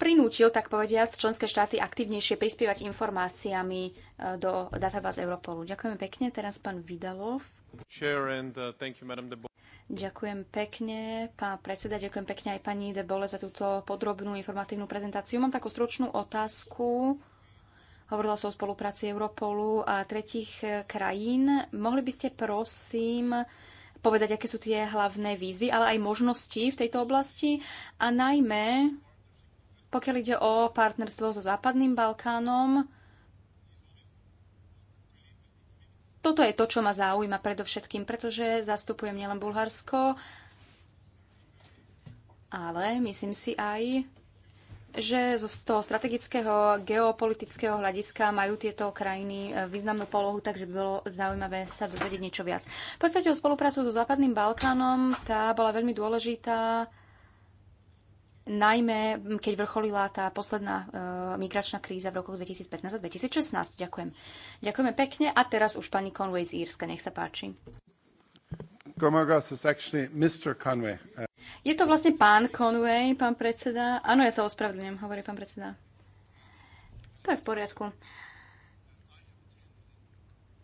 prinútil, tak povediať, členské štáty aktívnejšie prispievať informáciami e, do databáz Europolu. Ďakujem pekne. Teraz pán Vidalov. Uh, ďakujem pekne, pán predseda, ďakujem pekne aj pani Debole za túto podrobnú informatívnu prezentáciu. Mám takú stručnú otázku. Hovorila som o spolupráci Europolu a tretich e, krajín. Mohli by ste prosím povedať, aké sú tie hlavné výzvy, ale aj možnosti v tejto oblasti a najmä pokiaľ ide o partnerstvo so Západným Balkánom, toto je to, čo ma zaujíma predovšetkým, pretože zastupujem nielen Bulharsko, ale myslím si aj, že z toho strategického geopolitického hľadiska majú tieto krajiny e, významnú polohu, takže by bolo zaujímavé sa dozvedieť niečo viac. Pokiaľ o spoluprácu so Západným Balkánom, tá bola veľmi dôležitá najmä keď vrcholila tá posledná e, migračná kríza v rokoch 2015 a 2016. Ďakujem. Ďakujeme pekne a teraz už pani Conway z Írska, nech sa páči. Je to vlastne pán Conway, pán predseda. Áno, ja sa ospravedlňujem, hovorí pán predseda. To je v poriadku.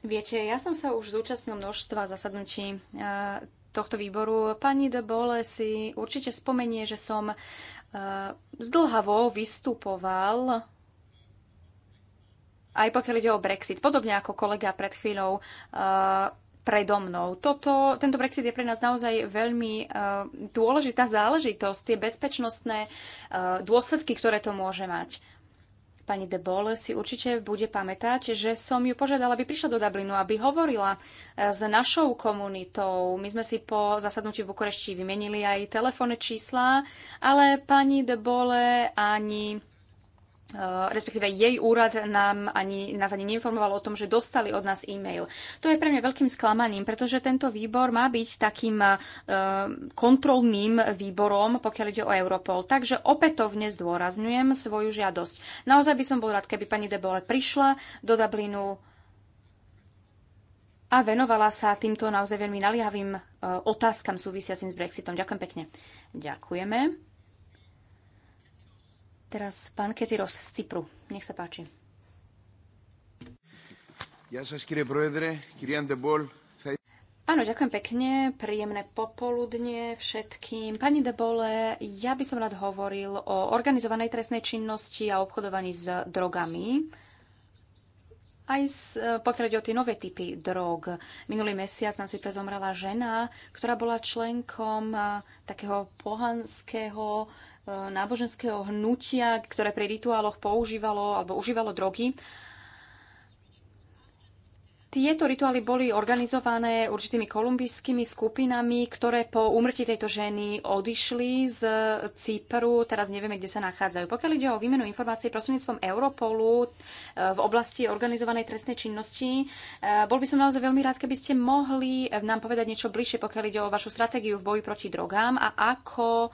Viete, ja som sa už zúčastnil množstva zasadnutí e, tohto výboru. Pani de Bole si určite spomenie, že som e, zdlhavo vystupoval aj pokiaľ ide o Brexit, podobne ako kolega pred chvíľou e, predo mnou. Toto, tento Brexit je pre nás naozaj veľmi uh, dôležitá záležitosť, tie bezpečnostné uh, dôsledky, ktoré to môže mať. Pani de Bolle si určite bude pamätať, že som ju požiadala, aby prišla do Dublinu, aby hovorila e, s našou komunitou. My sme si po zasadnutí v Bukurešti vymenili aj telefónne čísla, ale pani de Bolle ani Eh, respektíve jej úrad nám ani, nás ani neinformoval o tom, že dostali od nás e-mail. To je pre mňa veľkým sklamaním, pretože tento výbor má byť takým uh, kontrolným výborom, pokiaľ ide o Europol. Takže opätovne zdôrazňujem svoju žiadosť. Naozaj by som bol rád, keby pani Debole prišla do Dublinu a venovala sa týmto naozaj veľmi naliehavým uh, otázkam súvisiacim s Brexitom. Ďakujem pekne. Ďakujeme. Teraz pán Ketiros z Cypru. Nech sa páči. Ja sa, kýre Áno, ďakujem pekne, príjemné popoludne všetkým. Pani Debole, ja by som rád hovoril o organizovanej trestnej činnosti a obchodovaní s drogami. Aj pokiaľ ide o tie nové typy drog. Minulý mesiac nám si prezomrela žena, ktorá bola členkom takého pohanského náboženského hnutia, ktoré pri rituáloch používalo alebo užívalo drogy. Tieto rituály boli organizované určitými kolumbijskými skupinami, ktoré po úmrtí tejto ženy odišli z Cypru. Teraz nevieme, kde sa nachádzajú. Pokiaľ ide o výmenu informácií prostredníctvom Europolu e, v oblasti organizovanej trestnej činnosti, e, bol by som naozaj veľmi rád, keby ste mohli nám povedať niečo bližšie, pokiaľ ide o vašu stratégiu v boji proti drogám a ako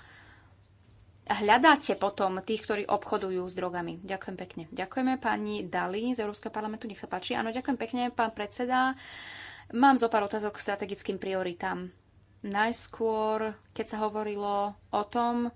hľadáte potom tých, ktorí obchodujú s drogami? Ďakujem pekne. Ďakujeme pani Dali z Európskeho parlamentu, nech sa páči. Áno, ďakujem pekne, pán predseda. Mám zo pár otázok k strategickým prioritám. Najskôr, keď sa hovorilo o tom,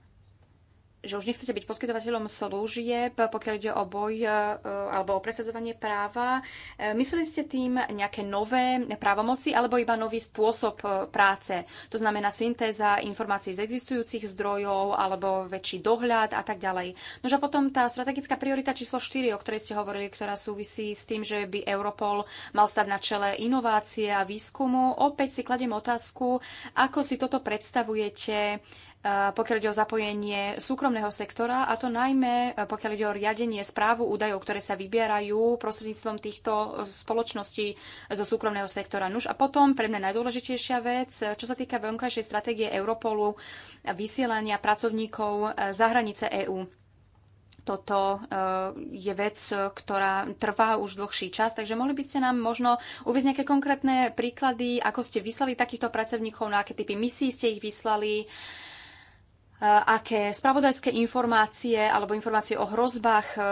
že už nechcete byť poskytovateľom služieb, pokiaľ ide o boj e, alebo o presadzovanie práva. E, mysleli ste tým nejaké nové právomoci alebo iba nový spôsob e, práce? To znamená syntéza informácií z existujúcich zdrojov alebo väčší dohľad a tak ďalej. No a potom tá strategická priorita číslo 4, o ktorej ste hovorili, ktorá súvisí s tým, že by Europol mal stať na čele inovácie a výskumu. Opäť si kladiem otázku, ako si toto predstavujete pokiaľ ide o zapojenie súkromného sektora, a to najmä e, pokiaľ ide o riadenie správu údajov, ktoré sa vybierajú prostredníctvom týchto spoločností zo súkromného sektora. Nuž a potom pre mňa najdôležitejšia vec, e, čo sa týka vonkajšej stratégie Europolu a vysielania pracovníkov e, za hranice EÚ. Toto je vec, ktorá trvá už dlhší čas, takže mohli by ste nám možno uvieť nejaké konkrétne príklady, ako ste vyslali takýchto pracovníkov, na aké typy misií ste ich vyslali, Eh, aké spravodajské informácie alebo informácie o hrozbách eh, eh,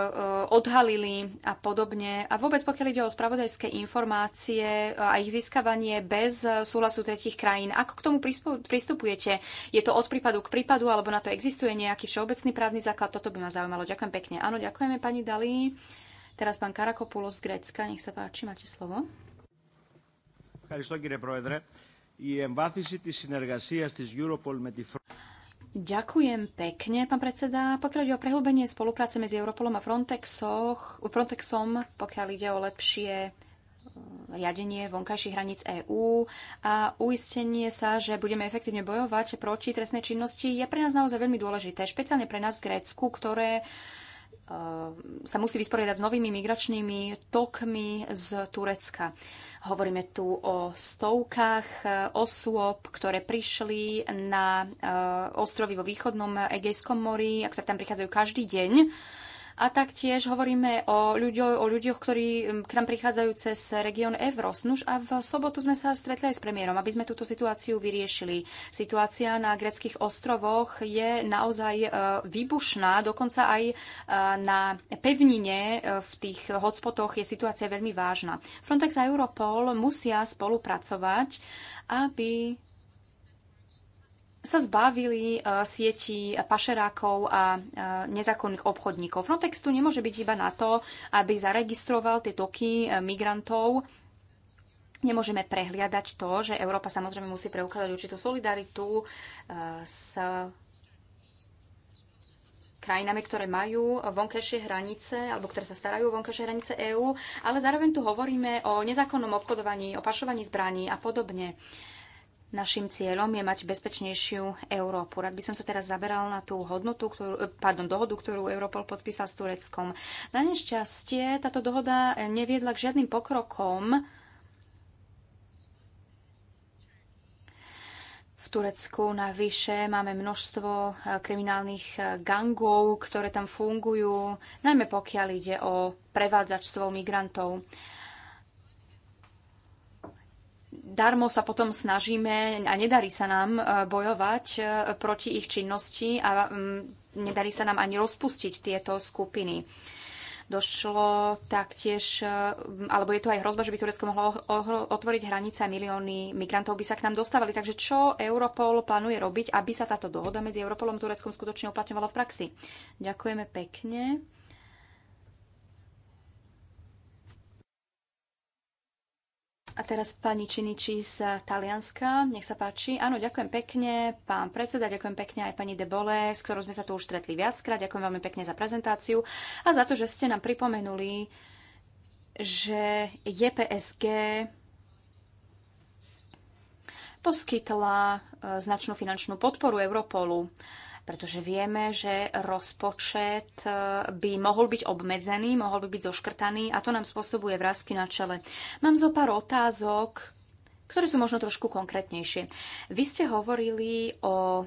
odhalili a podobne. A vôbec pokiaľ ide o spravodajské informácie a ich získavanie bez súhlasu tretich krajín, ako k tomu pristupujete? Je to od prípadu k prípadu alebo na to existuje nejaký všeobecný právny základ? Toto by ma zaujímalo. Ďakujem pekne. Áno, ďakujeme pani Dalí. Teraz pán Karakopoulos z Grécka. Nech sa páči, máte slovo. Ďakujem, κύριε Πρόεδρε. Η εμβάθυνση της συνεργασίας της Europol με τη Ďakujem pekne, pán predseda. Pokiaľ ide o prehlbenie spolupráce medzi Europolom a Frontexom, pokiaľ ide o lepšie eh, riadenie vonkajších hraníc EÚ a uistenie sa, že budeme efektívne bojovať proti trestnej činnosti je pre nás naozaj veľmi dôležité, špeciálne pre nás v Grécku, ktoré Ehm, sa musí vysporiadať s novými migračnými tokmi z Turecka. Hovoríme tu o stovkách e, osôb, ktoré prišli na e, ostrovy vo východnom Egejskom mori a ktoré tam prichádzajú každý deň a taktiež hovoríme o ľuďoch, o ľuďoch ktorí k nám prichádzajú cez región Evros. Nuž a v sobotu sme sa stretli aj s premiérom, aby sme túto situáciu vyriešili. Situácia na greckých ostrovoch je naozaj e, výbušná, dokonca aj e, na pevnine e, v tých hotspotoch je situácia veľmi vážna. Frontex a Europol musia spolupracovať, aby sa zbavili e, sieti pašerákov a e, nezákonných obchodníkov. Frontex tu nemôže byť iba na to, aby zaregistroval tie toky e, migrantov. Nemôžeme prehliadať to, že Európa samozrejme musí preukázať určitú solidaritu s krajinami, ktoré majú vonkajšie hranice alebo ktoré sa starajú o vonkajšie hranice EÚ, ale zároveň tu hovoríme o nezákonnom obchodovaní, o pašovaní zbraní a podobne. Uh, Našim cieľom je mať bezpečnejšiu Európu. Rád by som sa teraz zaberal na tú hodnotu, ktorú, eh, pardon, dohodu, ktorú Europol podpísal s Tureckom. Na nešťastie táto dohoda eh, neviedla k žiadnym pokrokom v Turecku. Navyše máme množstvo eh, kriminálnych gangov, ktoré tam fungujú, najmä pokiaľ ide o prevádzačstvo migrantov darmo sa potom snažíme a nedarí sa nám e, bojovať e, proti ich činnosti a mm, nedarí sa nám ani rozpustiť tieto skupiny. Došlo taktiež, e, alebo je tu aj hrozba, že by Turecko mohlo otvoriť hranice a milióny migrantov by sa k nám dostávali. Takže čo Europol plánuje robiť, aby sa táto dohoda medzi Europolom a Tureckom skutočne uplatňovala v praxi? Ďakujeme pekne. A teraz pani Činiči z Talianska, nech sa páči. Áno, ďakujem pekne, pán predseda, ďakujem pekne aj pani Debole, s ktorou sme sa tu už stretli viackrát. Ďakujem veľmi pekne za prezentáciu a za to, že ste nám pripomenuli, že JPSG poskytla e, značnú finančnú podporu Europolu pretože vieme, že rozpočet e, by mohol byť obmedzený, mohol by byť zoškrtaný a to nám spôsobuje vrázky na čele. Mám zo pár otázok, ktoré sú možno trošku konkrétnejšie. Vy ste hovorili o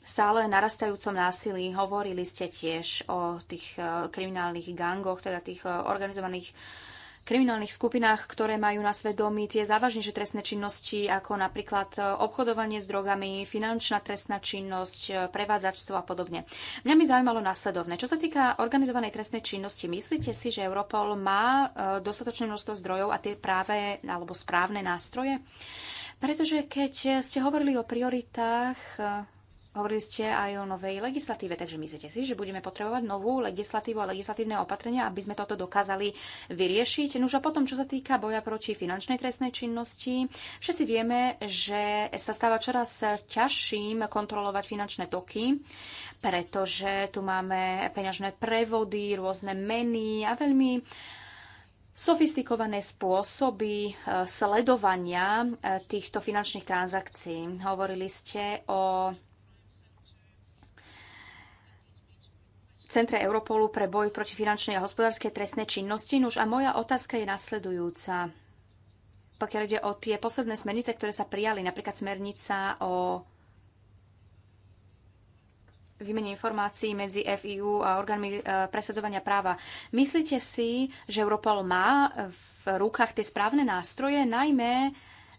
stále narastajúcom násilí. Hovorili ste tiež o tých e, kriminálnych gangoch, teda tých e, organizovaných uh, kriminálnych skupinách, ktoré majú na svedomí tie závažnejšie trestné činnosti, ako napríklad e, obchodovanie s drogami, finančná trestná činnosť, e, prevádzačstvo a podobne. Mňa mi zaujímalo následovné. Čo sa týka organizovanej trestnej činnosti, myslíte si, že Europol má e, dostatočné množstvo zdrojov a tie práve alebo správne nástroje? Pretože keď ste hovorili o prioritách Hovorili ste aj o novej legislatíve, takže myslíte si, že budeme potrebovať novú legislatívu a legislatívne opatrenia, aby sme toto dokázali vyriešiť. No už a potom, čo sa týka boja proti finančnej trestnej činnosti, všetci vieme, že sa stáva čoraz ťažším kontrolovať finančné toky, pretože tu máme peňažné prevody, rôzne meny a veľmi sofistikované spôsoby eh, sledovania eh, týchto finančných transakcií. Hovorili ste o Centra Europolu pre boj proti finančnej a hospodárskej trestnej činnosti. Nuž a moja otázka je nasledujúca. Pokiaľ ide o tie posledné smernice, ktoré sa prijali, napríklad smernica o výmene informácií medzi FIU a orgánmi e, presadzovania práva. Myslíte si, že Europol má v rukách tie správne nástroje, najmä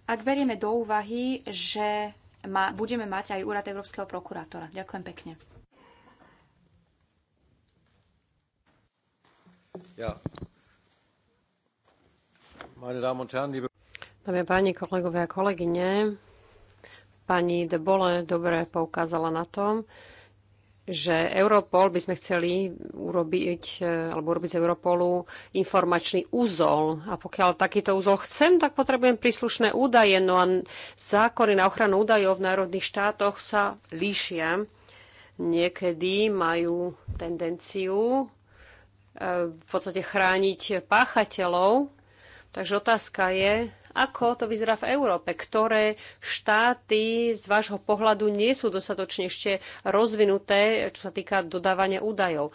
ak berieme do úvahy, že budeme mať aj úrad Európskeho prokurátora? Ďakujem pekne. Ja. Meine Damen und Herren, liebe Dámy a páni, kolegovia a kolegyne, pani de Bole dobre poukázala na tom, že Europol by sme chceli urobiť, e, alebo urobiť z Europolu informačný úzol. A pokiaľ takýto úzol chcem, tak potrebujem príslušné údaje. No a zákony na ochranu údajov v národných štátoch sa líšia. Niekedy majú tendenciu v podstate chrániť páchateľov. Takže otázka je, ako to vyzerá v Európe? Ktoré štáty z vášho pohľadu nie sú dostatočne ešte rozvinuté, čo sa týka dodávania údajov?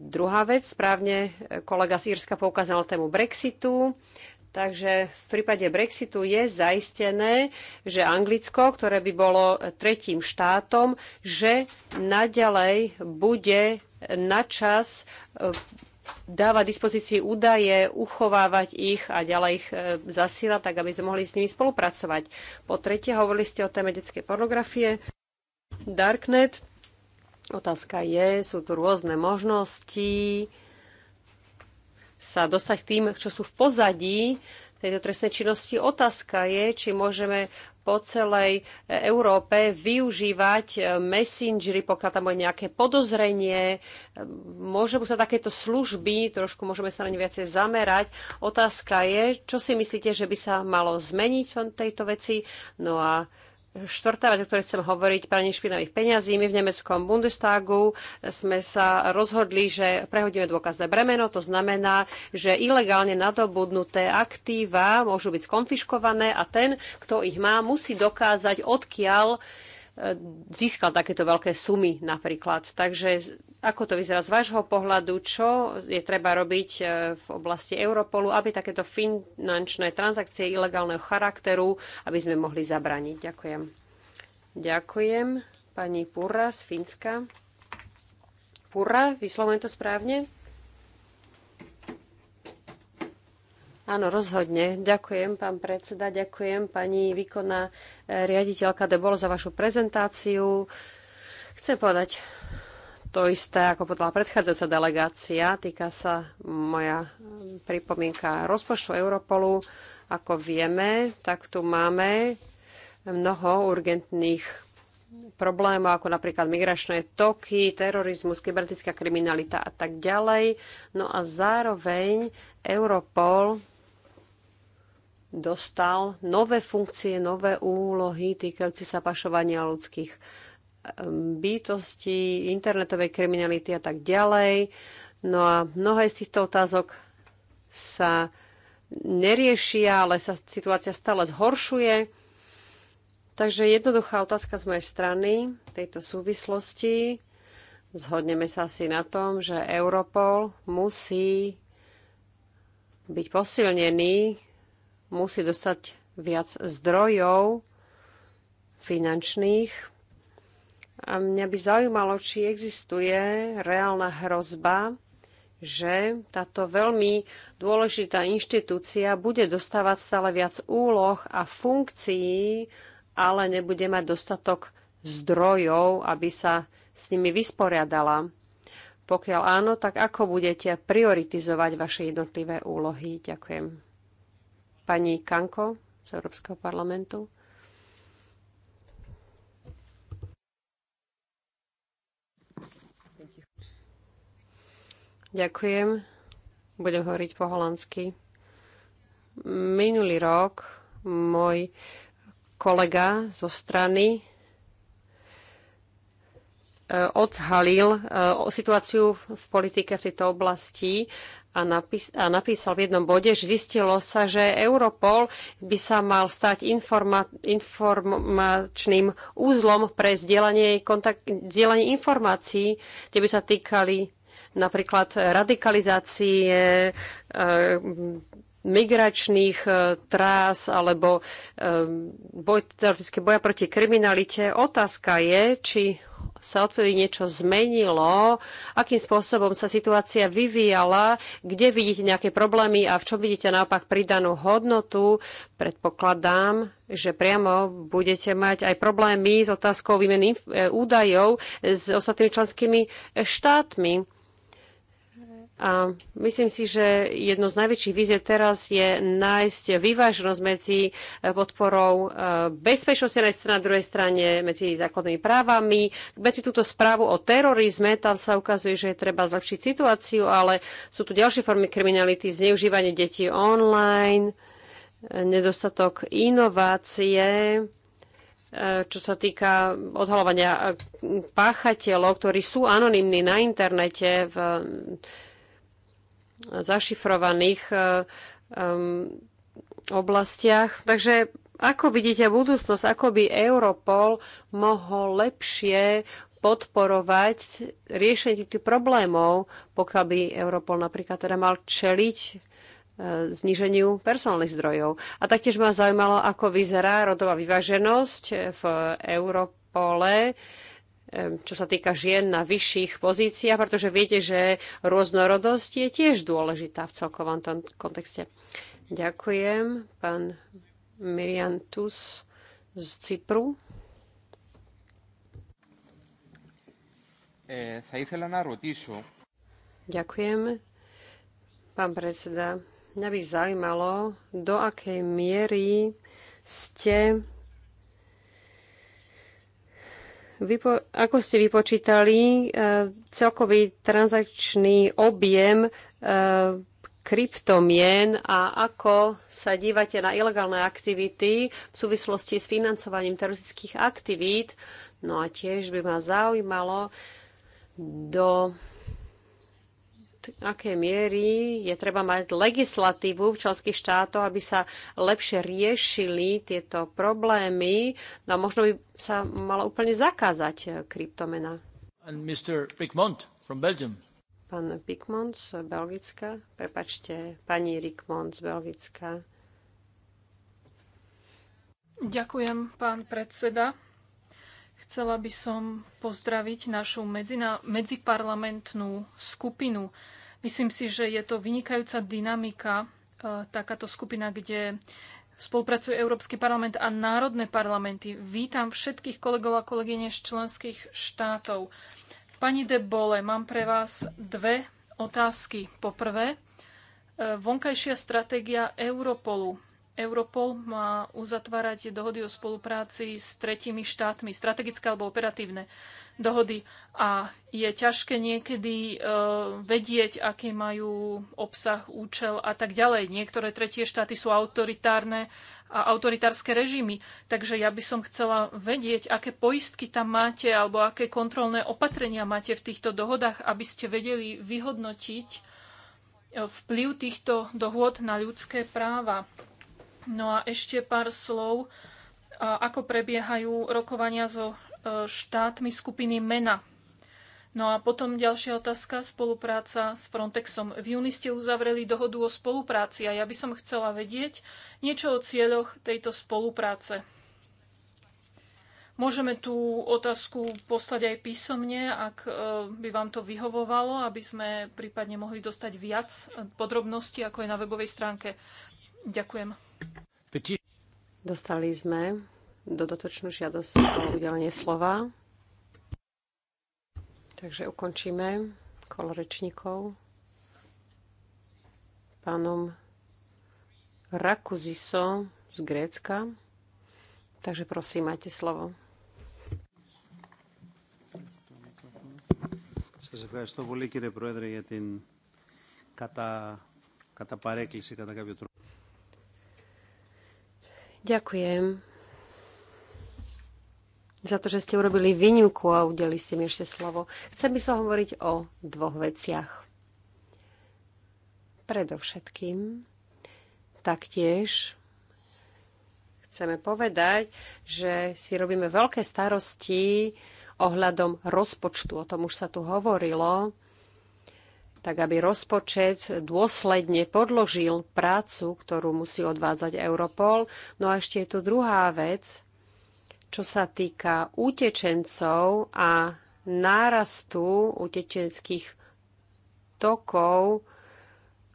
Druhá vec, správne kolega z Írska poukázal tému Brexitu. Takže v prípade Brexitu je zaistené, že Anglicko, ktoré by bolo tretím štátom, že naďalej bude načas dáva dispozícii údaje, uchovávať ich a ďalej ich e, zasiela, tak aby sme mohli s nimi spolupracovať. Po tretie, hovorili ste o téme detskej pornografie, Darknet. Otázka je, sú tu rôzne možnosti sa dostať k tým, čo sú v pozadí tejto trestnej činnosti. Otázka je, či môžeme po celej Európe využívať eh, messengery, pokiaľ tam bude nejaké podozrenie. Eh, Môžu sa takéto služby, trošku môžeme sa na ne viacej zamerať. Otázka je, čo si myslíte, že by sa malo zmeniť v tejto veci. No a Štvrtá vec, o ktorej chcem hovoriť, pranie špinavých peňazí. My v nemeckom Bundestagu sme sa rozhodli, že prehodíme dôkazné bremeno. To znamená, že ilegálne nadobudnuté aktíva môžu byť skonfiškované a ten, kto ich má, musí dokázať, odkiaľ e, získal takéto veľké sumy napríklad. Takže ako to vyzerá z vášho pohľadu? Čo je treba robiť e, v oblasti Europolu, aby takéto finančné transakcie ilegálneho charakteru, aby sme mohli zabraniť? Ďakujem. Ďakujem. Pani Purra z Fínska. Purra, vyslovujem to správne? Áno, rozhodne. Ďakujem, pán predseda, ďakujem pani výkonná e, riaditeľka Debol za vašu prezentáciu. Chcem povedať to isté, ako podľa predchádzajúca delegácia. Týka sa moja mm, pripomienka rozpočtu Europolu. Ako vieme, tak tu máme mnoho urgentných problémov, ako napríklad migračné toky, terorizmus, kybernetická kriminalita a tak ďalej. No a zároveň Europol dostal nové funkcie, nové úlohy týkajúce sa pašovania ľudských bytosti, internetovej kriminality a tak ďalej. No a mnohé z týchto otázok sa neriešia, ale sa situácia stále zhoršuje. Takže jednoduchá otázka z mojej strany tejto súvislosti. Zhodneme sa asi na tom, že Europol musí byť posilnený, musí dostať viac zdrojov finančných, a mňa by zaujímalo, či existuje reálna hrozba, že táto veľmi dôležitá inštitúcia bude dostávať stále viac úloh a funkcií, ale nebude mať dostatok zdrojov, aby sa s nimi vysporiadala. Pokiaľ áno, tak ako budete prioritizovať vaše jednotlivé úlohy? Ďakujem. Pani Kanko z Európskeho parlamentu. Ďakujem. Budem hovoriť po holandsky. Minulý rok môj kolega zo strany e, odhalil e, situáciu v politike v tejto oblasti a, napís- a napísal v jednom bode, že zistilo sa, že Europol by sa mal stať informa- informačným úzlom pre zdieľanie, kontakt- zdieľanie informácií, kde by sa týkali napríklad radikalizácie, eh, migračných eh, trás alebo eh, boj, boja proti kriminalite. Otázka je, či sa odtedy niečo zmenilo, akým spôsobom sa situácia vyvíjala, kde vidíte nejaké problémy a v čom vidíte naopak pridanú hodnotu. Predpokladám, že priamo budete mať aj problémy s otázkou výmeny údajov s ostatnými členskými štátmi. A myslím si, že jedno z najväčších víziev teraz je nájsť vyváženosť medzi e, podporou e, bezpečnosti na, strane, na druhej strane, medzi základnými právami. Medzi túto správu o terorizme, tam sa ukazuje, že je treba zlepšiť situáciu, ale sú tu ďalšie formy kriminality, zneužívanie detí online, nedostatok inovácie, e, čo sa týka odhalovania páchateľov, ktorí sú anonimní na internete v zašifrovaných um, oblastiach. Takže ako vidíte budúcnosť, ako by Europol mohol lepšie podporovať riešenie tých problémov, pokiaľ by Europol napríklad teda mal čeliť eh, zniženiu personálnych zdrojov. A taktiež ma zaujímalo, ako vyzerá rodová vyváženosť v Europole čo sa týka žien na vyšších pozíciách, pretože viete, že rôznorodosť je tiež dôležitá v celkovom tom kontexte. Ďakujem, pán Tus z Cypru. Eh, Ďakujem. Pán predseda, mňa by zaujímalo, do akej miery ste Vypo- ako ste vypočítali, e, celkový transakčný objem e, kryptomien a ako sa dívate na ilegálne aktivity v súvislosti s financovaním teroristických aktivít. No a tiež by ma zaujímalo, do akej miery je treba mať legislatívu v členských štátoch, aby sa lepšie riešili tieto problémy. No možno by sa malo úplne zakázať eh, kryptomena. And Mr. Pickmont from Belgium. Pán Pickmont z Belgicka. Prepačte, pani Rickmont z Belgicka. Ďakujem, pán predseda. Chcela by som pozdraviť našu medzina, medziparlamentnú skupinu. Myslím si, že je to vynikajúca dynamika, e, takáto skupina, kde spolupracuje Európsky parlament a národné parlamenty. Vítam všetkých kolegov a kolegyne z členských štátov. Pani de Bole, mám pre vás dve otázky. Poprvé, e, vonkajšia stratégia Europolu. Europol má uzatvárať dohody o spolupráci s tretími štátmi, strategické alebo operatívne dohody. A je ťažké niekedy e, vedieť, aký majú obsah, účel a tak ďalej. Niektoré tretie štáty sú autoritárne a autoritárske režimy. Takže ja by som chcela vedieť, aké poistky tam máte alebo aké kontrolné opatrenia máte v týchto dohodách, aby ste vedeli vyhodnotiť e, vplyv týchto dohôd na ľudské práva. No a ešte pár slov, ako prebiehajú rokovania so e, štátmi skupiny MENA. No a potom ďalšia otázka, spolupráca s Frontexom. V júni ste uzavreli dohodu o spolupráci a ja by som chcela vedieť niečo o cieľoch tejto spolupráce. Môžeme tú otázku poslať aj písomne, ak e, by vám to vyhovovalo, aby sme prípadne mohli dostať viac podrobností, ako je na webovej stránke. Ďakujem. Dostali sme dodatočnú žiadosť o udelenie slova. Takže ukončíme kolo rečníkov pánom Rakuziso z Grécka. Takže prosím, majte slovo. Σας ευχαριστώ πολύ κύριε Πρόεδρε για την κατά, κατά παρέκκληση κατά κάποιο τρόπο. Ďakujem za to, že ste urobili výnimku a udeli ste mi ešte slovo. Chcem by som hovoriť o dvoch veciach. Predovšetkým taktiež chceme povedať, že si robíme veľké starosti ohľadom rozpočtu. O tom už sa tu hovorilo tak aby rozpočet dôsledne podložil prácu, ktorú musí odvádzať Europol. No a ešte je tu druhá vec, čo sa týka utečencov a nárastu utečenských tokov,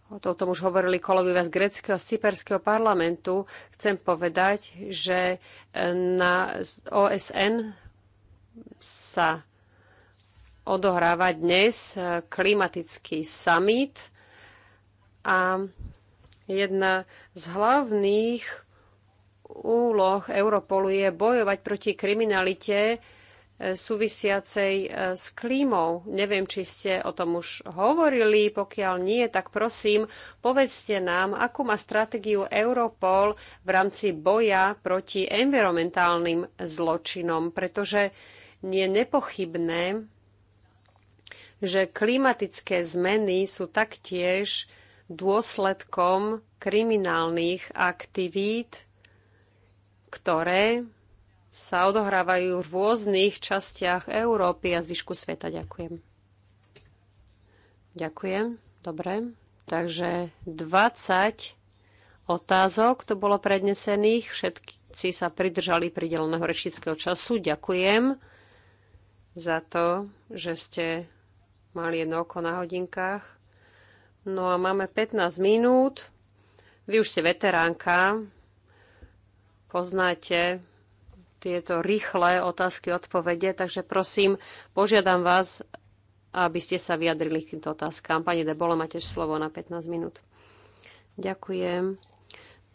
o tom už hovorili kolegovia z greckého, z cyperského parlamentu, chcem povedať, že na OSN sa odohráva dnes e, klimatický summit a jedna z hlavných úloh Europolu je bojovať proti kriminalite e, súvisiacej e, s klímou. Neviem, či ste o tom už hovorili. Pokiaľ nie, tak prosím, povedzte nám, akú má stratégiu Europol v rámci boja proti environmentálnym zločinom, pretože nie je nepochybné, že klimatické zmeny sú taktiež dôsledkom kriminálnych aktivít, ktoré sa odohrávajú v rôznych častiach Európy a zvyšku sveta. Ďakujem. Ďakujem. Dobre. Takže 20 otázok to bolo prednesených. Všetci sa pridržali prideleného rečníckého času. Ďakujem za to, že ste mali jedno oko na hodinkách. No a máme 15 minút. Vy už ste veteránka, poznáte tieto rýchle otázky, odpovede, takže prosím, požiadam vás, aby ste sa vyjadrili k týmto otázkám. Pani Debole, máte slovo na 15 minút. Ďakujem,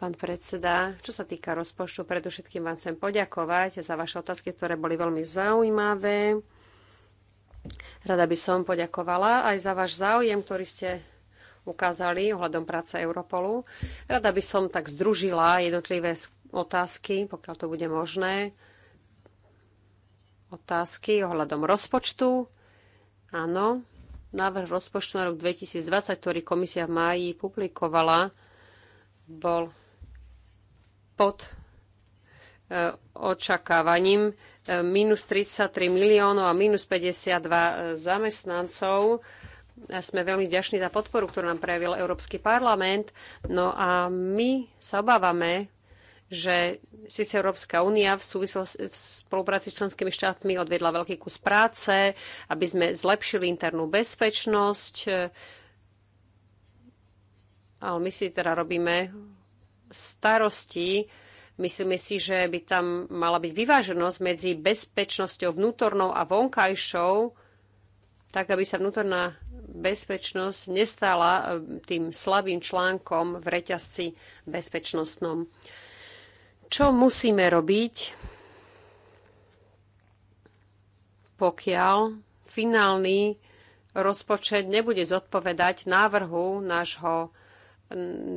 pán predseda. Čo sa týka rozpočtu, predovšetkým vám chcem poďakovať za vaše otázky, ktoré boli veľmi zaujímavé. Rada by som poďakovala aj za váš záujem, ktorý ste ukázali ohľadom práce Europolu. Rada by som tak združila jednotlivé otázky, pokiaľ to bude možné. Otázky ohľadom rozpočtu. Áno, návrh rozpočtu na rok 2020, ktorý komisia v máji publikovala, bol pod očakávaním. Minus 33 miliónov a minus 52 zamestnancov. Sme veľmi vďační za podporu, ktorú nám prejavil Európsky parlament. No a my sa obávame, že síce Európska únia v, súvislosti, v spolupráci s členskými štátmi odvedla veľký kus práce, aby sme zlepšili internú bezpečnosť, ale my si teda robíme starosti, Myslíme si, že by tam mala byť vyváženosť medzi bezpečnosťou vnútornou a vonkajšou, tak aby sa vnútorná bezpečnosť nestala eh, tým slabým článkom v reťazci bezpečnostnom. Čo musíme robiť, pokiaľ finálny rozpočet nebude zodpovedať návrhu nášho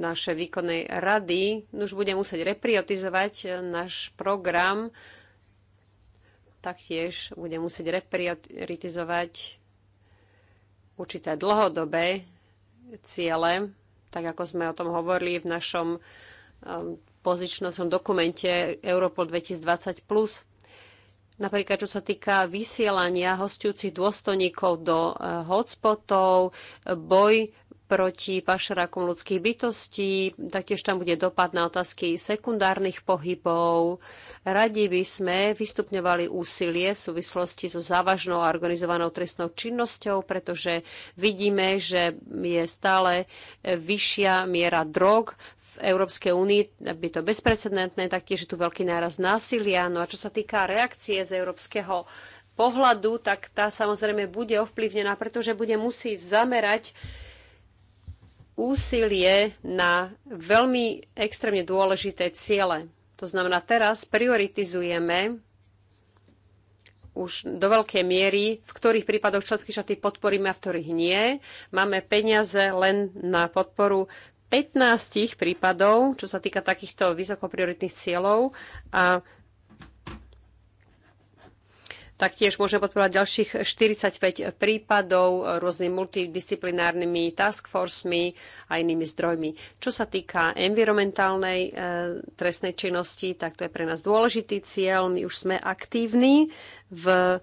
naše výkonnej rady už bude musieť repriotizovať eh, náš program, taktiež bude musieť reprioritizovať určité dlhodobé ciele, tak ako sme o tom hovorili v našom eh, pozičnom dokumente Europol 2020+. Napríklad, čo sa týka vysielania hostujúcich dôstojníkov do eh, hotspotov, boj proti pašerakom ľudských bytostí, taktiež tam bude dopad na otázky sekundárnych pohybov. Radi by sme vystupňovali úsilie v súvislosti so závažnou a organizovanou trestnou činnosťou, pretože vidíme, že je stále vyššia miera drog v Európskej únii, by to bezprecedentné, taktiež je tu veľký náraz násilia. No a čo sa týka reakcie z európskeho pohľadu, tak tá samozrejme bude ovplyvnená, pretože bude musieť zamerať úsilie na veľmi extrémne dôležité ciele. To znamená, teraz prioritizujeme už do veľkej miery, v ktorých prípadoch členských štáty podporíme a v ktorých nie. Máme peniaze len na podporu 15 prípadov, čo sa týka takýchto vysokoprioritných cieľov a Taktiež môžeme podporovať ďalších 45 prípadov rôznymi multidisciplinárnymi task a inými zdrojmi. Čo sa týka environmentálnej e, trestnej činnosti, tak to je pre nás dôležitý cieľ. My už sme aktívni v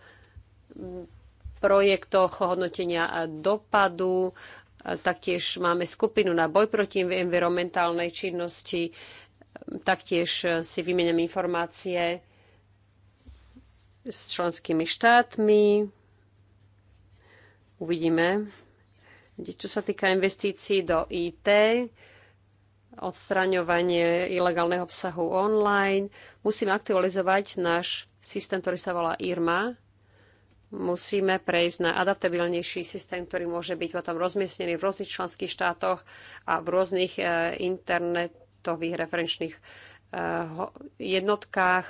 projektoch hodnotenia dopadu. E, taktiež máme skupinu na boj proti environmentálnej činnosti. E, taktiež si vymeniam informácie s členskými štátmi. Uvidíme. Čo sa týka investícií do IT, odstraňovanie ilegálneho obsahu online, musíme aktualizovať náš systém, ktorý sa volá IRMA. Musíme prejsť na adaptabilnejší systém, ktorý môže byť potom rozmiestnený v rôznych členských štátoch a v rôznych eh, internetových referenčných eh, jednotkách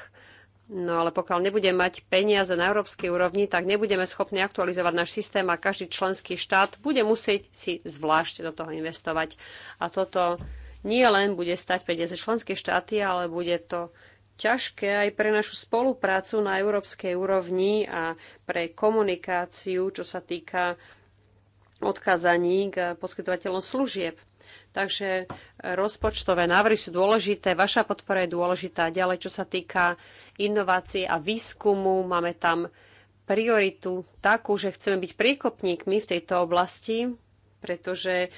No ale pokiaľ nebudeme mať peniaze na európskej úrovni, tak nebudeme schopní aktualizovať náš systém a každý členský štát bude musieť si zvlášť do toho investovať. A toto nie len bude stať peniaze členské štáty, ale bude to ťažké aj pre našu spoluprácu na európskej úrovni a pre komunikáciu, čo sa týka odkazaní k poskytovateľom služieb. Takže e, rozpočtové návrhy sú dôležité, vaša podpora je dôležitá. Ďalej, čo sa týka inovácií a výskumu, máme tam prioritu takú, že chceme byť príkopníkmi v tejto oblasti, pretože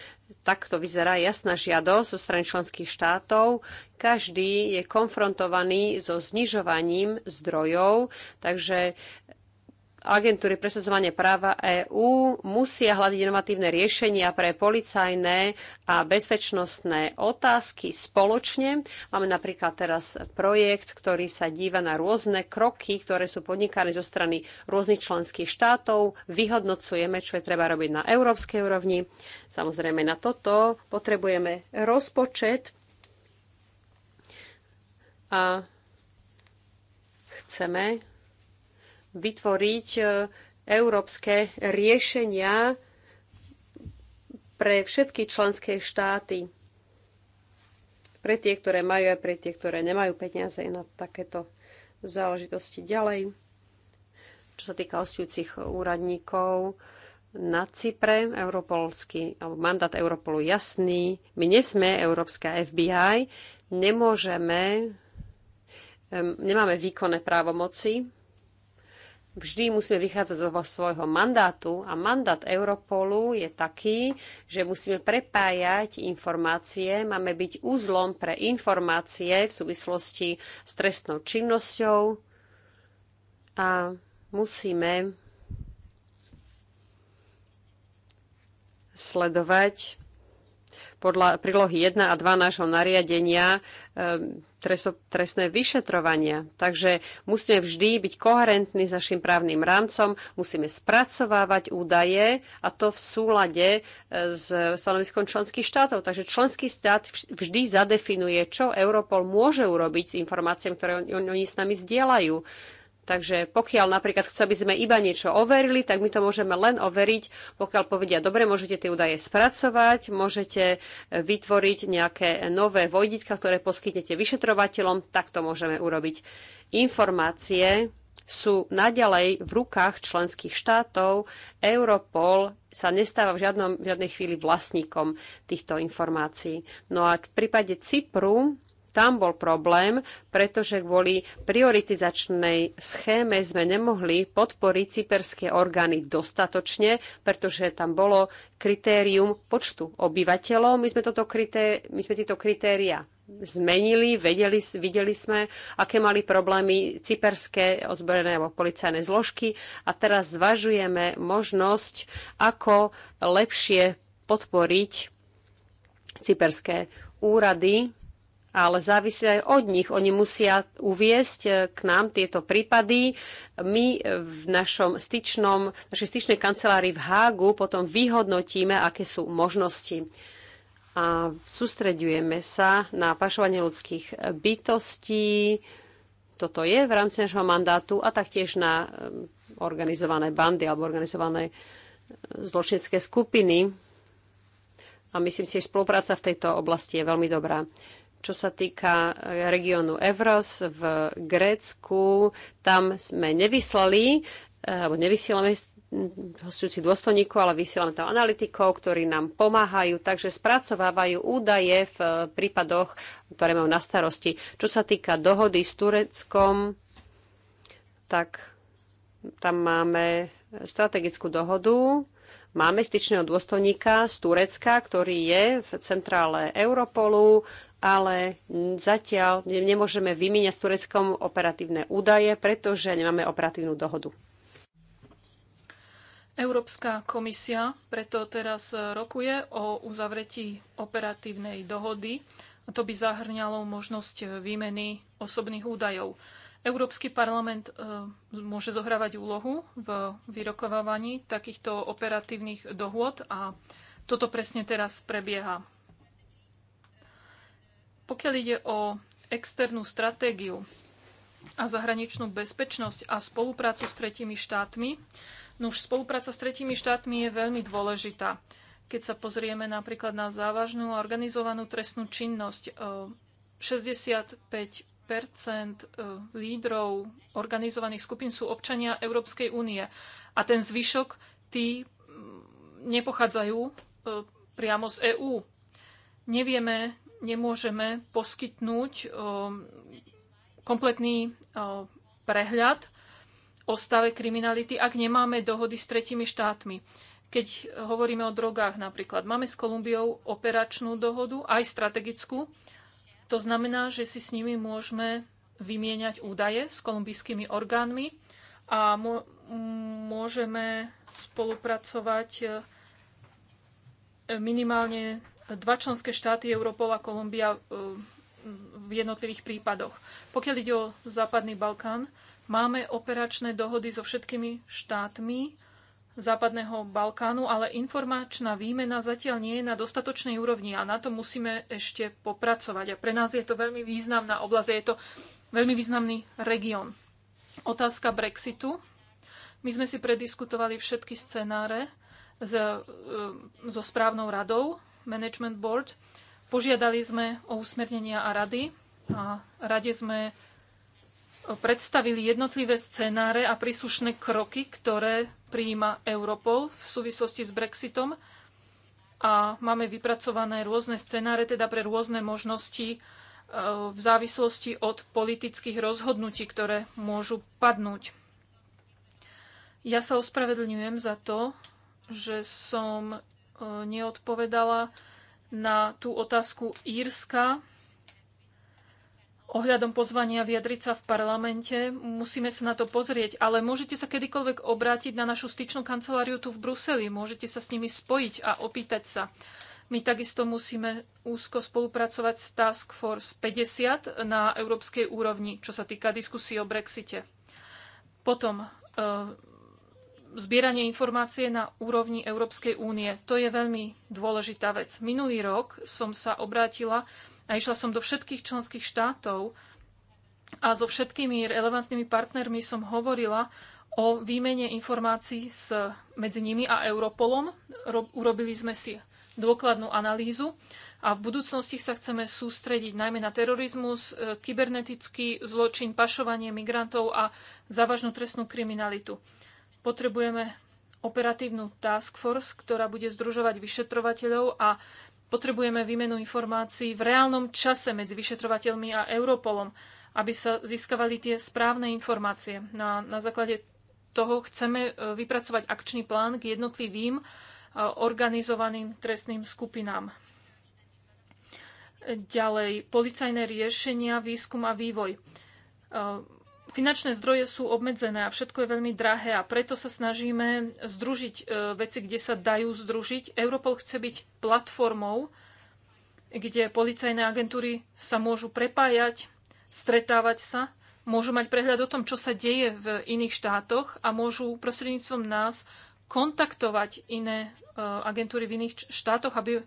takto vyzerá jasná žiadosť zo strany členských štátov. Každý je konfrontovaný so znižovaním zdrojov, takže agentúry presadzovania práva EÚ musia hľadiť inovatívne riešenia pre policajné a bezpečnostné otázky spoločne. Máme napríklad teraz projekt, ktorý sa díva na rôzne kroky, ktoré sú podnikané zo strany rôznych členských štátov. Vyhodnocujeme, čo je treba robiť na európskej úrovni. Samozrejme na toto potrebujeme rozpočet a chceme vytvoriť e, európske riešenia pre všetky členské štáty. Pre tie, ktoré majú a pre tie, ktoré nemajú peniaze na takéto záležitosti ďalej. Čo sa týka osťujúcich úradníkov na Cypre, Europolský, alebo mandát Europolu jasný. My nesme Európska FBI, nemôžeme, nemáme výkonné právomoci, vždy musíme vychádzať zo svojho mandátu a mandát Europolu je taký, že musíme prepájať informácie, máme byť úzlom pre informácie v súvislosti s trestnou činnosťou a musíme sledovať podľa prílohy 1 a 2 nášho nariadenia ehm, trestné vyšetrovania. Takže musíme vždy byť koherentní s našim právnym rámcom, musíme spracovávať údaje a to v súlade e, s stanoviskom členských štátov. Takže členský štát vždy zadefinuje, čo Europol môže urobiť s informáciami, ktoré oni s nami zdieľajú. Takže pokiaľ napríklad chcú, aby sme iba niečo overili, tak my to môžeme len overiť, pokiaľ povedia, dobre, môžete tie údaje spracovať, môžete e, vytvoriť nejaké nové vojditka, ktoré poskytnete vyšetrovateľom, tak to môžeme urobiť. Informácie sú naďalej v rukách členských štátov. Europol sa nestáva v, žiadnom, v žiadnej chvíli vlastníkom týchto informácií. No a v prípade Cypru tam bol problém, pretože kvôli prioritizačnej schéme sme nemohli podporiť cyperské orgány dostatočne, pretože tam bolo kritérium počtu obyvateľov. My sme, toto krité, my sme tieto kritéria zmenili, vedeli, videli sme, aké mali problémy cyperské ozbrojené alebo policajné zložky a teraz zvažujeme možnosť, ako lepšie podporiť cyperské úrady ale závisí aj od nich. Oni musia uviesť eh, k nám tieto prípady. My eh, v našom styčnom, našej styčnej kancelárii v Hágu potom vyhodnotíme, aké sú možnosti. A sústreďujeme sa na pašovanie ľudských eh, bytostí, toto je v rámci našho mandátu a taktiež na organizované bandy alebo organizované zločinecké skupiny. A myslím si, že spolupráca v tejto oblasti je veľmi dobrá. Čo sa týka eh, regiónu Evros v Grécku, tam sme nevyslali, eh, alebo nevysielame hostujúci dôstojníkov, ale vysielame tam analytikov, ktorí nám pomáhajú, takže spracovávajú údaje v eh, prípadoch, ktoré majú na starosti. Čo sa týka dohody s Tureckom, tak tam máme strategickú dohodu. Máme styčného dôstojníka z Turecka, ktorý je v centrále Europolu ale zatiaľ nemôžeme vymieňať s Tureckom operatívne údaje, pretože nemáme operatívnu dohodu. Európska komisia preto teraz rokuje o uzavretí operatívnej dohody. To by zahrňalo možnosť výmeny osobných údajov. Európsky parlament e, môže zohrávať úlohu v vyrokovávaní takýchto operatívnych dohôd a toto presne teraz prebieha. Pokiaľ ide o externú stratégiu a zahraničnú bezpečnosť a spoluprácu s tretimi štátmi, no už spolupráca s tretimi štátmi je veľmi dôležitá. Keď sa pozrieme napríklad na závažnú organizovanú trestnú činnosť, 65 e, e, lídrov organizovaných skupín sú občania Európskej únie a ten zvyšok tí nepochádzajú e, priamo z EÚ. Nevieme nemôžeme poskytnúť um, kompletný um, prehľad o stave kriminality, ak nemáme dohody s tretimi štátmi. Keď hovoríme o drogách napríklad, máme s Kolumbiou operačnú dohodu, aj strategickú. To znamená, že si s nimi môžeme vymieňať údaje s kolumbijskými orgánmi a môžeme spolupracovať um, minimálne dva členské štáty, Europol a Kolumbia, e, v jednotlivých prípadoch. Pokiaľ ide o Západný Balkán, máme operačné dohody so všetkými štátmi Západného Balkánu, ale informačná výmena zatiaľ nie je na dostatočnej úrovni a na to musíme ešte popracovať. A pre nás je to veľmi významná oblasť, je to veľmi významný región. Otázka Brexitu. My sme si prediskutovali všetky scenáre e, so správnou radou Management Board. Požiadali sme o usmernenia a rady a rade sme predstavili jednotlivé scenáre a príslušné kroky, ktoré prijíma Europol v súvislosti s Brexitom. A máme vypracované rôzne scenáre, teda pre rôzne možnosti e, v závislosti od politických rozhodnutí, ktoré môžu padnúť. Ja sa ospravedlňujem za to, že som E, neodpovedala na tú otázku Írska ohľadom pozvania vyjadriť sa v parlamente. Musíme sa na to pozrieť, ale môžete sa kedykoľvek obrátiť na našu styčnú kanceláriu tu v Bruseli. Môžete sa s nimi spojiť a opýtať sa. My takisto musíme úzko spolupracovať s Task Force 50 na európskej úrovni, čo sa týka diskusí o Brexite. Potom e, zbieranie informácie na úrovni Európskej únie. To je veľmi dôležitá vec. Minulý rok som sa obrátila a išla som do všetkých členských štátov a so všetkými relevantnými partnermi som hovorila o výmene informácií s, medzi nimi a Europolom. Ro, urobili sme si dôkladnú analýzu a v budúcnosti sa chceme sústrediť najmä na terorizmus, e, kybernetický zločin, pašovanie migrantov a závažnú trestnú kriminalitu. Potrebujeme operatívnu task force, ktorá bude združovať vyšetrovateľov a potrebujeme výmenu informácií v reálnom čase medzi vyšetrovateľmi a Europolom, aby sa získavali tie správne informácie. Na, no na základe toho chceme e, vypracovať akčný plán k jednotlivým e, organizovaným trestným skupinám. Ďalej, policajné riešenia, výskum a vývoj. E, finančné zdroje sú obmedzené a všetko je veľmi drahé a preto sa snažíme združiť e, veci, kde sa dajú združiť. Europol chce byť platformou, kde policajné agentúry sa môžu prepájať, stretávať sa, môžu mať prehľad o tom, čo sa deje v iných štátoch a môžu prostredníctvom nás kontaktovať iné e, agentúry v iných štátoch, aby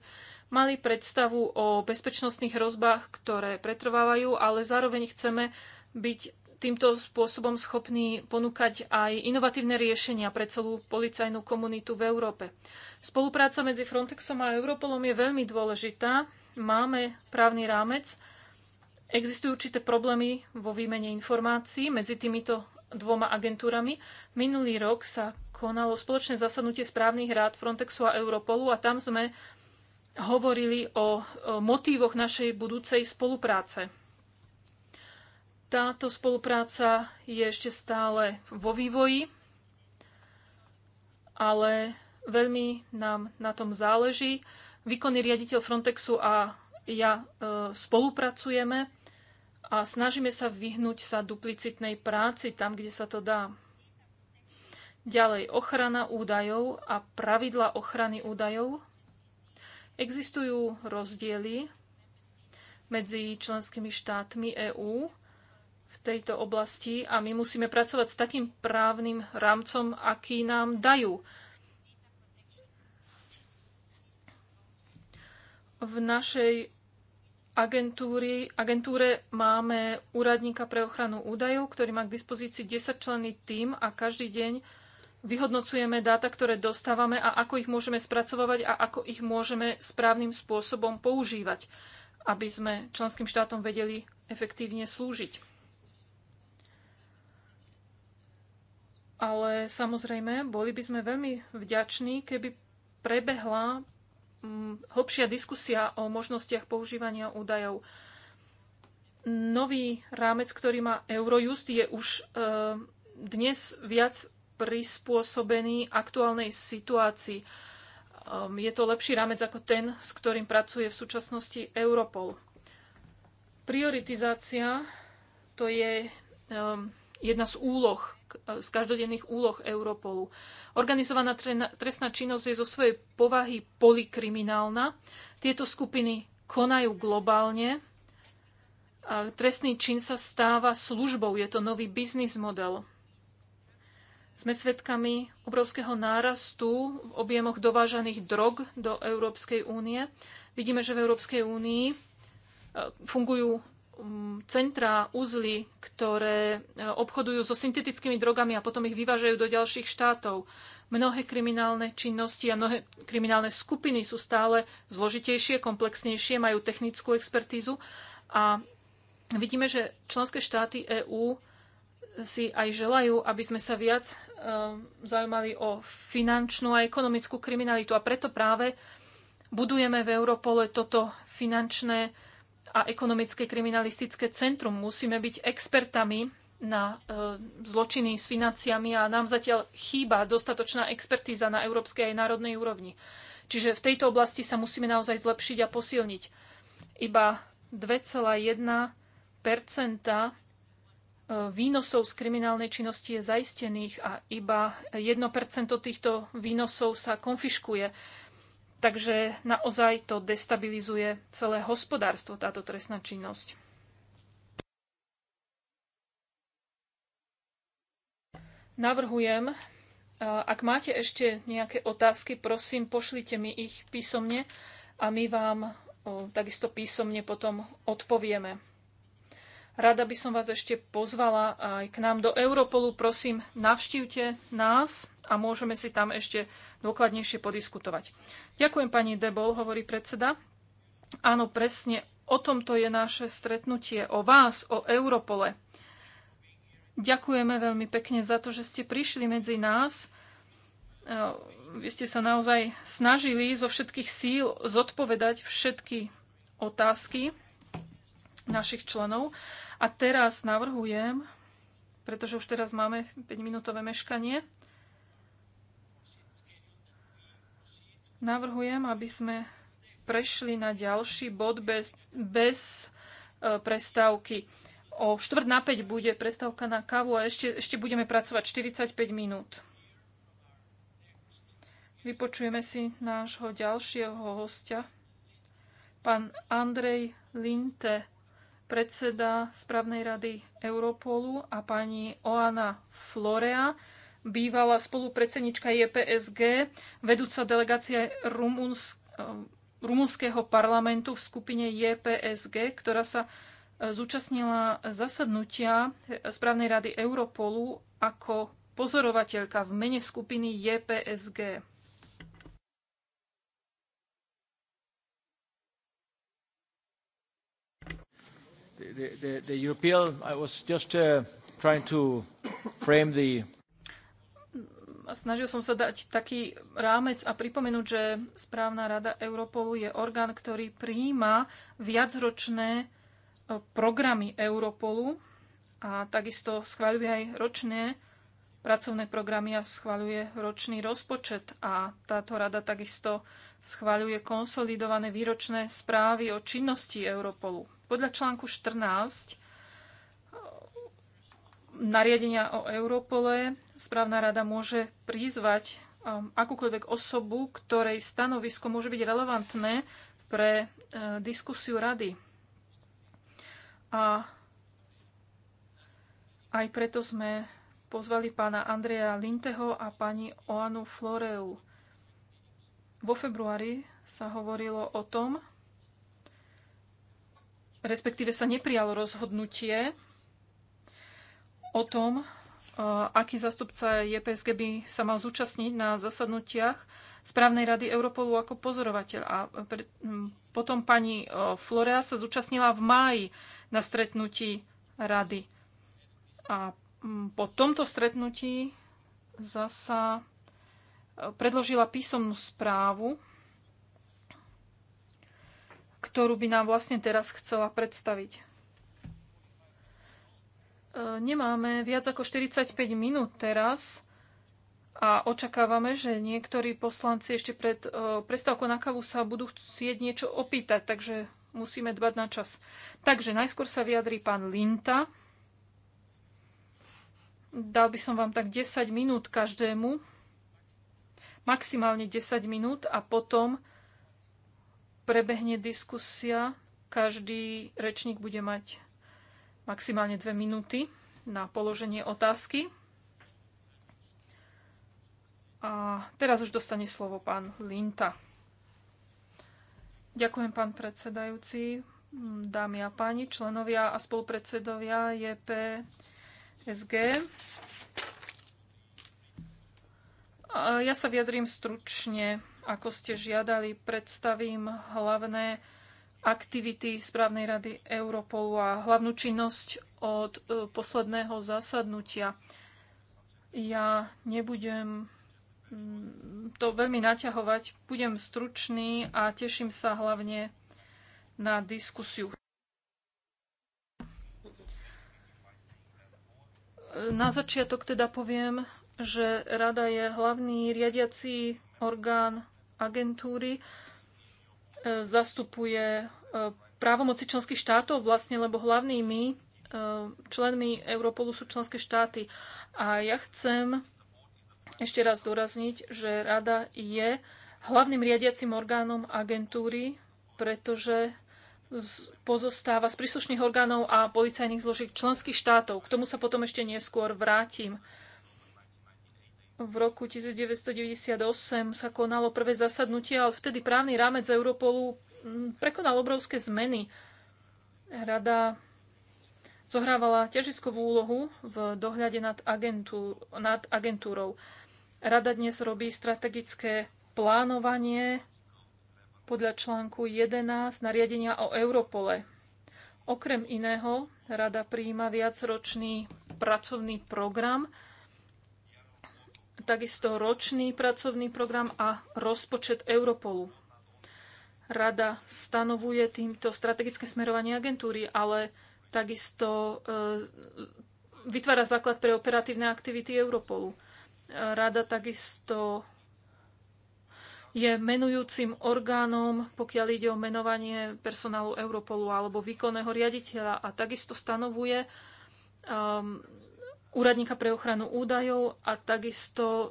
mali predstavu o bezpečnostných hrozbách, ktoré pretrvávajú, ale zároveň chceme byť týmto spôsobom schopní ponúkať aj inovatívne riešenia pre celú policajnú komunitu v Európe. Spolupráca medzi Frontexom a Europolom je veľmi dôležitá. Máme právny rámec. Existujú určité problémy vo výmene informácií medzi týmito dvoma agentúrami. Minulý rok sa konalo spoločné zasadnutie správnych rád Frontexu a Europolu a tam sme hovorili o motívoch našej budúcej spolupráce. Táto spolupráca je ešte stále vo vývoji, ale veľmi nám na tom záleží. Výkonný riaditeľ Frontexu a ja e, spolupracujeme a snažíme sa vyhnúť sa duplicitnej práci tam, kde sa to dá. Ďalej, ochrana údajov a pravidla ochrany údajov. Existujú rozdiely medzi členskými štátmi EÚ v tejto oblasti a my musíme pracovať s takým právnym rámcom, aký nám dajú. V našej agentúry, agentúre máme úradníka pre ochranu údajov, ktorý má k dispozícii 10-členný tím a každý deň vyhodnocujeme dáta, ktoré dostávame a ako ich môžeme spracovávať a ako ich môžeme správnym spôsobom používať, aby sme členským štátom vedeli efektívne slúžiť. Ale samozrejme, boli by sme veľmi vďační, keby prebehla mm, hlbšia diskusia o možnostiach používania údajov. Nový rámec, ktorý má Eurojust, je už e, dnes viac prispôsobený aktuálnej situácii. Ehm, je to lepší rámec ako ten, s ktorým pracuje v súčasnosti Europol. Prioritizácia to je um, jedna z úloh, z každodenných úloh Europolu. Organizovaná trestná činnosť je zo svojej povahy polikriminálna. Tieto skupiny konajú globálne. A trestný čin sa stáva službou, je to nový biznis model. Sme svedkami obrovského nárastu v objemoch dovážaných drog do Európskej únie. Vidíme, že v Európskej únii e, fungujú Mm, centrá, uzly, ktoré e, obchodujú so syntetickými drogami a potom ich vyvážajú do ďalších štátov. Mnohé kriminálne činnosti a mnohé kriminálne skupiny sú stále zložitejšie, komplexnejšie, majú technickú expertízu a vidíme, že členské štáty EÚ si aj želajú, aby sme sa viac e, zaujímali o finančnú a ekonomickú kriminalitu a preto práve budujeme v Európole toto finančné a ekonomické kriminalistické centrum. Musíme byť expertami na e, zločiny s financiami a nám zatiaľ chýba dostatočná expertíza na európskej aj národnej úrovni. Čiže v tejto oblasti sa musíme naozaj zlepšiť a posilniť. Iba 2,1 e, výnosov z kriminálnej činnosti je zaistených a iba 1 týchto výnosov sa konfiškuje. Takže naozaj to destabilizuje celé hospodárstvo, táto trestná činnosť. Navrhujem, ak máte ešte nejaké otázky, prosím, pošlite mi ich písomne a my vám takisto písomne potom odpovieme. Rada by som vás ešte pozvala aj k nám do Europolu. Prosím, navštívte nás a môžeme si tam ešte dôkladnejšie podiskutovať. Ďakujem pani Debol, hovorí predseda. Áno, presne o tomto je naše stretnutie, o vás, o Europole. Ďakujeme veľmi pekne za to, že ste prišli medzi nás. E, vy ste sa naozaj snažili zo všetkých síl zodpovedať všetky otázky našich členov. A teraz navrhujem, pretože už teraz máme 5-minútové meškanie, Navrhujem, aby sme prešli na ďalší bod bez, bez e, prestávky. O štvrt na 5 bude prestávka na kávu a ešte, ešte budeme pracovať 45 minút. Vypočujeme si nášho ďalšieho hostia, pán Andrej Linte, predseda správnej rady Europolu a pani Oana Florea, bývalá spolupredsednička JPSG, vedúca delegácia Rumunsk, eh, rumunského parlamentu v skupine JPSG, ktorá sa eh, zúčastnila zasadnutia eh, správnej rady Europolu ako pozorovateľka v mene skupiny JPSG. The, the, the European, I was just uh, trying to frame the snažil som sa dať taký rámec a pripomenúť, že správna rada Europolu je orgán, ktorý prijíma viacročné e, programy Europolu a takisto schváľuje aj ročné pracovné programy a schváľuje ročný rozpočet a táto rada takisto schváľuje konsolidované výročné správy o činnosti Europolu. Podľa článku 14 nariadenia o Europole správna rada môže prizvať um, akúkoľvek osobu, ktorej stanovisko môže byť relevantné pre e, diskusiu rady. A aj preto sme pozvali pána Andreja Linteho a pani Oanu Floreu. Vo februári sa hovorilo o tom, respektíve sa neprijalo rozhodnutie, o tom, e, aký zastupca JPSG by sa mal zúčastniť na zasadnutiach správnej rady Europolu ako pozorovateľ. A pre, potom pani e, Florea sa zúčastnila v máji na stretnutí rady. A po tomto stretnutí zasa e, predložila písomnú správu, ktorú by nám vlastne teraz chcela predstaviť. E, nemáme viac ako 45 minút teraz a očakávame, že niektorí poslanci ešte pred e, prestávkou na kavu sa budú chcieť niečo opýtať, takže musíme dbať na čas. Takže najskôr sa vyjadrí pán Linta. Dal by som vám tak 10 minút každému, maximálne 10 minút a potom prebehne diskusia. Každý rečník bude mať maximálne dve minúty na položenie otázky. A teraz už dostane slovo pán Linta. Ďakujem, pán predsedajúci, dámy a páni, členovia a spolupredsedovia JPSG. E ja sa vyjadrím stručne, ako ste žiadali, predstavím hlavné aktivity správnej rady Europolu a hlavnú činnosť od e, posledného zasadnutia. Ja nebudem mm, to veľmi naťahovať, budem stručný a teším sa hlavne na diskusiu. Na začiatok teda poviem, že rada je hlavný riadiací orgán agentúry E, zastupuje e, právomoci členských štátov vlastne, lebo hlavnými e, členmi Europolu sú členské štáty. A ja chcem ešte raz zdôrazniť, že rada je hlavným riadiacim orgánom agentúry, pretože pozostáva z príslušných orgánov a policajných zložiek členských štátov. K tomu sa potom ešte neskôr vrátim v roku 1998 sa konalo prvé zasadnutie, ale vtedy právny rámec Europolu mm, prekonal obrovské zmeny. Rada zohrávala ťažiskovú úlohu v dohľade nad, agentúr, nad agentúrou. Rada dnes robí strategické plánovanie podľa článku 11 nariadenia o Europole. Okrem iného, rada prijíma viacročný pracovný program, takisto ročný pracovný program a rozpočet Europolu. Rada stanovuje týmto strategické smerovanie agentúry, ale takisto e, vytvára základ pre operatívne aktivity Europolu. Rada takisto je menujúcim orgánom, pokiaľ ide o menovanie personálu Europolu alebo výkonného riaditeľa a takisto stanovuje um, úradníka pre ochranu údajov a takisto e,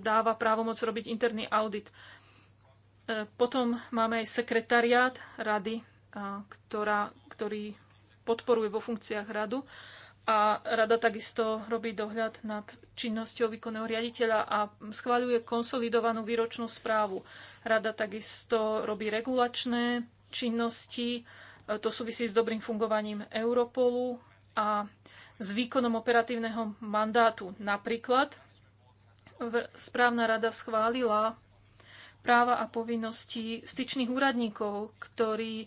dáva právomoc robiť interný audit. E, potom máme aj sekretariát rady, ktorá, ktorý podporuje vo funkciách radu a rada takisto robí dohľad nad činnosťou výkonného riaditeľa a schváľuje konsolidovanú výročnú správu. Rada takisto robí regulačné činnosti, e, to súvisí s dobrým fungovaním Europolu a s výkonom operatívneho mandátu. Napríklad správna rada schválila práva a povinnosti styčných úradníkov, ktorí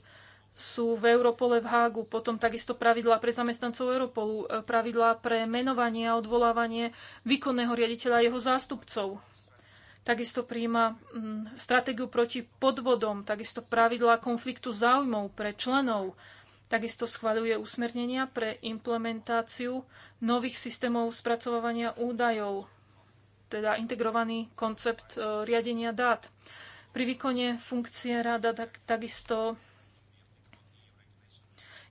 sú v Europole v Hágu, potom takisto pravidlá pre zamestnancov Europolu, e, pravidlá pre menovanie a odvolávanie výkonného riaditeľa a jeho zástupcov. Takisto príjma mm, stratégiu proti podvodom, takisto pravidlá konfliktu záujmov pre členov Takisto schvaľuje usmernenia pre implementáciu nových systémov spracovávania údajov, teda integrovaný koncept e, riadenia dát. Pri výkone funkcie rada tak, takisto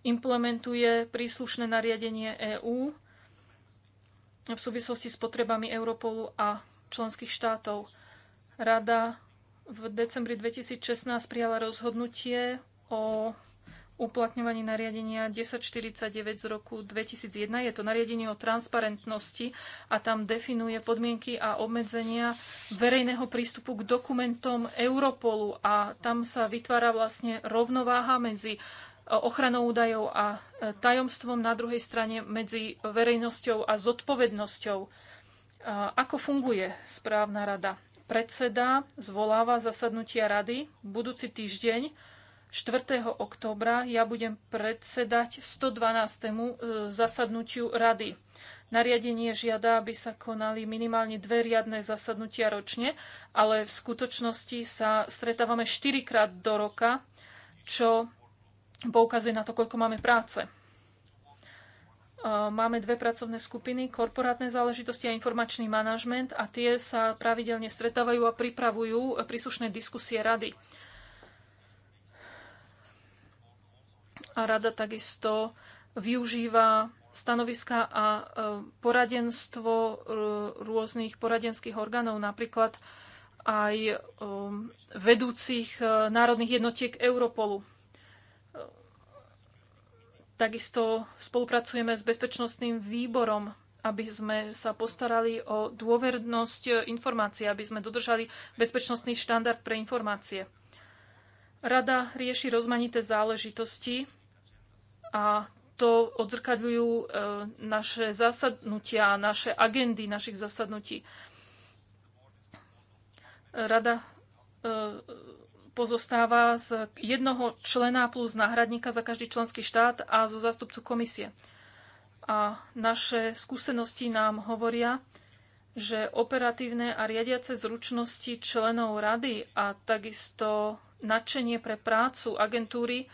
implementuje príslušné nariadenie EÚ v súvislosti s potrebami Europolu a členských štátov. Rada v decembri 2016 prijala rozhodnutie o uplatňovaní nariadenia 1049 z roku 2001. Je to nariadenie o transparentnosti a tam definuje podmienky a obmedzenia verejného prístupu k dokumentom Europolu a tam sa vytvára vlastne rovnováha medzi e, ochranou údajov a e, tajomstvom, na druhej strane medzi verejnosťou a zodpovednosťou. E, ako funguje správna rada? Predseda zvoláva zasadnutia rady budúci týždeň 4. októbra ja budem predsedať 112. E, zasadnutiu rady. Nariadenie žiada, aby sa konali minimálne dve riadne zasadnutia ročne, ale v skutočnosti sa stretávame 4 krát do roka, čo poukazuje na to, koľko máme práce. E, máme dve pracovné skupiny, korporátne záležitosti a informačný manažment a tie sa pravidelne stretávajú a pripravujú príslušné diskusie rady. a rada takisto využíva stanoviska a e, poradenstvo e, rôznych poradenských orgánov, napríklad aj e, vedúcich národných jednotiek Europolu. Takisto spolupracujeme s bezpečnostným výborom, aby sme sa postarali o dôvernosť informácií, aby sme dodržali bezpečnostný štandard pre informácie. Rada rieši rozmanité záležitosti, a to odzrkadľujú e, naše zasadnutia, naše agendy našich zasadnutí. Rada e, pozostáva z jednoho člena plus náhradníka za každý členský štát a zo zástupcu komisie. A naše skúsenosti nám hovoria, že operatívne a riadiace zručnosti členov rady a takisto nadšenie pre prácu agentúry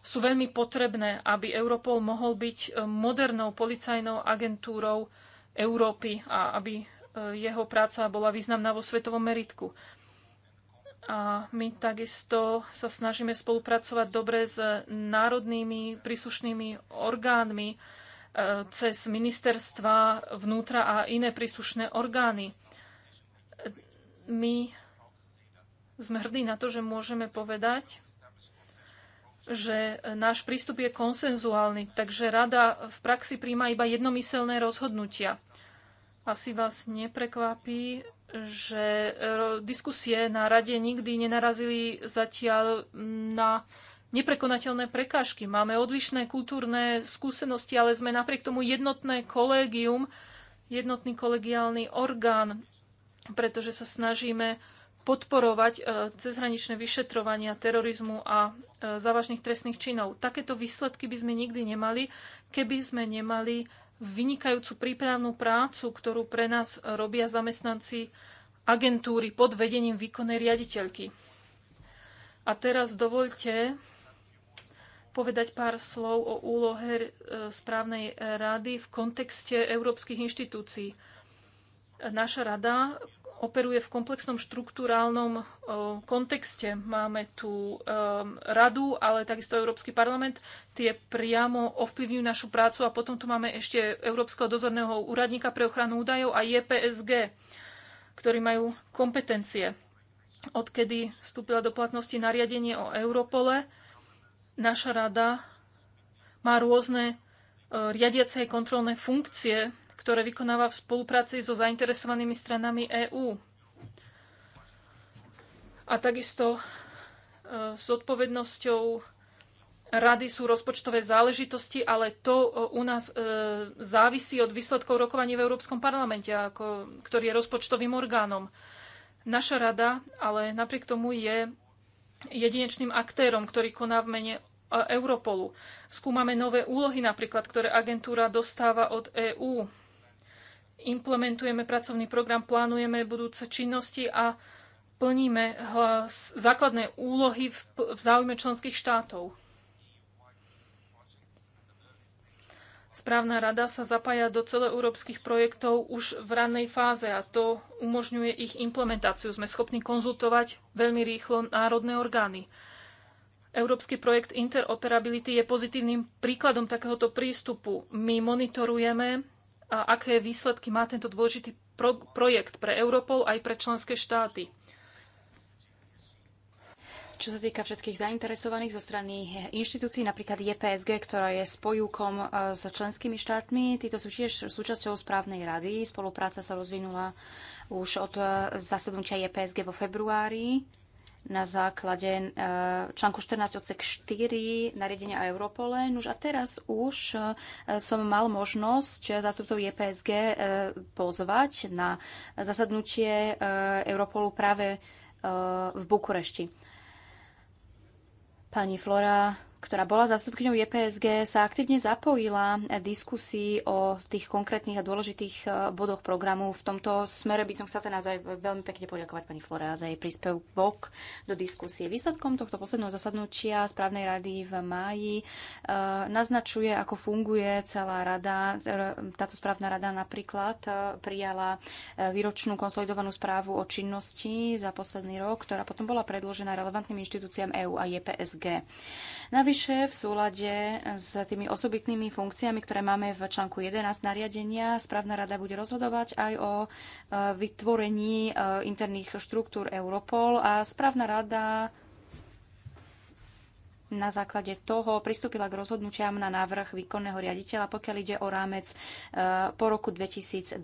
sú veľmi potrebné, aby Europol mohol byť e, modernou policajnou agentúrou Európy a aby e, jeho práca bola významná vo svetovom meritku. A my takisto sa snažíme spolupracovať dobre s národnými príslušnými orgánmi e, cez ministerstva vnútra a iné príslušné orgány. My sme hrdí na to, že môžeme povedať, že náš prístup je konsenzuálny, takže rada v praxi príjma iba jednomyselné rozhodnutia. Asi vás neprekvapí, že diskusie na rade nikdy nenarazili zatiaľ na neprekonateľné prekážky. Máme odlišné kultúrne skúsenosti, ale sme napriek tomu jednotné kolégium, jednotný kolegiálny orgán, pretože sa snažíme podporovať e, cezhraničné vyšetrovania terorizmu a e, závažných trestných činov. Takéto výsledky by sme nikdy nemali, keby sme nemali vynikajúcu prípravnú prácu, ktorú pre nás robia zamestnanci agentúry pod vedením výkonnej riaditeľky. A teraz dovolte povedať pár slov o úlohe e, správnej rady v kontexte európskych inštitúcií. Naša rada operuje v komplexnom štruktúrálnom e, kontexte. Máme tu e, radu, ale takisto Európsky parlament. Tie priamo ovplyvňujú našu prácu a potom tu máme ešte Európskeho dozorného úradníka pre ochranu údajov a JPSG, ktorí majú kompetencie. Odkedy vstúpila do platnosti nariadenie o Europole, naša rada má rôzne e, riadiace kontrolné funkcie ktoré vykonáva v spolupráci so zainteresovanými stranami EÚ. A takisto e, s odpovednosťou rady sú rozpočtové záležitosti, ale to e, u nás e, závisí od výsledkov rokovaní v Európskom parlamente, ktorý je rozpočtovým orgánom. Naša rada ale napriek tomu je jedinečným aktérom, ktorý koná v mene Europolu. Skúmame nové úlohy napríklad, ktoré agentúra dostáva od EÚ implementujeme pracovný program, plánujeme budúce činnosti a plníme základné úlohy v, záujme členských štátov. Správna rada sa zapája do celoeurópskych projektov už v rannej fáze a to umožňuje ich implementáciu. Sme schopní konzultovať veľmi rýchlo národné orgány. Európsky projekt interoperability je pozitívnym príkladom takéhoto prístupu. My monitorujeme aké výsledky má tento dôležitý pro- projekt pre Europol aj pre členské štáty. Čo sa týka všetkých zainteresovaných zo strany inštitúcií, napríklad JPSG, ktorá je spojúkom e, s členskými štátmi, títo sú tiež súčasťou správnej rady. Spolupráca sa rozvinula už od e, zasadnutia JPSG vo februári na základe e, článku 14 odsek 4 nariadenia Europole. Nuž a teraz už e, som mal možnosť zástupcov JPSG e, pozvať na zasadnutie Europolu práve v Bukurešti. Pani Flora ktorá bola zastupkyňou JPSG, sa aktívne zapojila diskusii o tých konkrétnych a dôležitých e, bodoch programu. V tomto smere by som chcela naozaj veľmi pekne poďakovať pani Flora za jej príspevok do diskusie. Výsledkom tohto posledného zasadnutia správnej rady v máji e, naznačuje, ako funguje celá rada. E, táto správna rada napríklad e, prijala výročnú konsolidovanú správu o činnosti za posledný rok, ktorá potom bola predložená relevantným inštitúciám EÚ a JPSG. Na Navyše v súlade s tými osobitnými funkciami, ktoré máme v článku 11 nariadenia, správna rada bude rozhodovať aj o e, vytvorení e, interných štruktúr Europol a správna rada na základe toho pristúpila k rozhodnutiam na návrh výkonného riaditeľa, pokiaľ ide o rámec e, po roku 2020,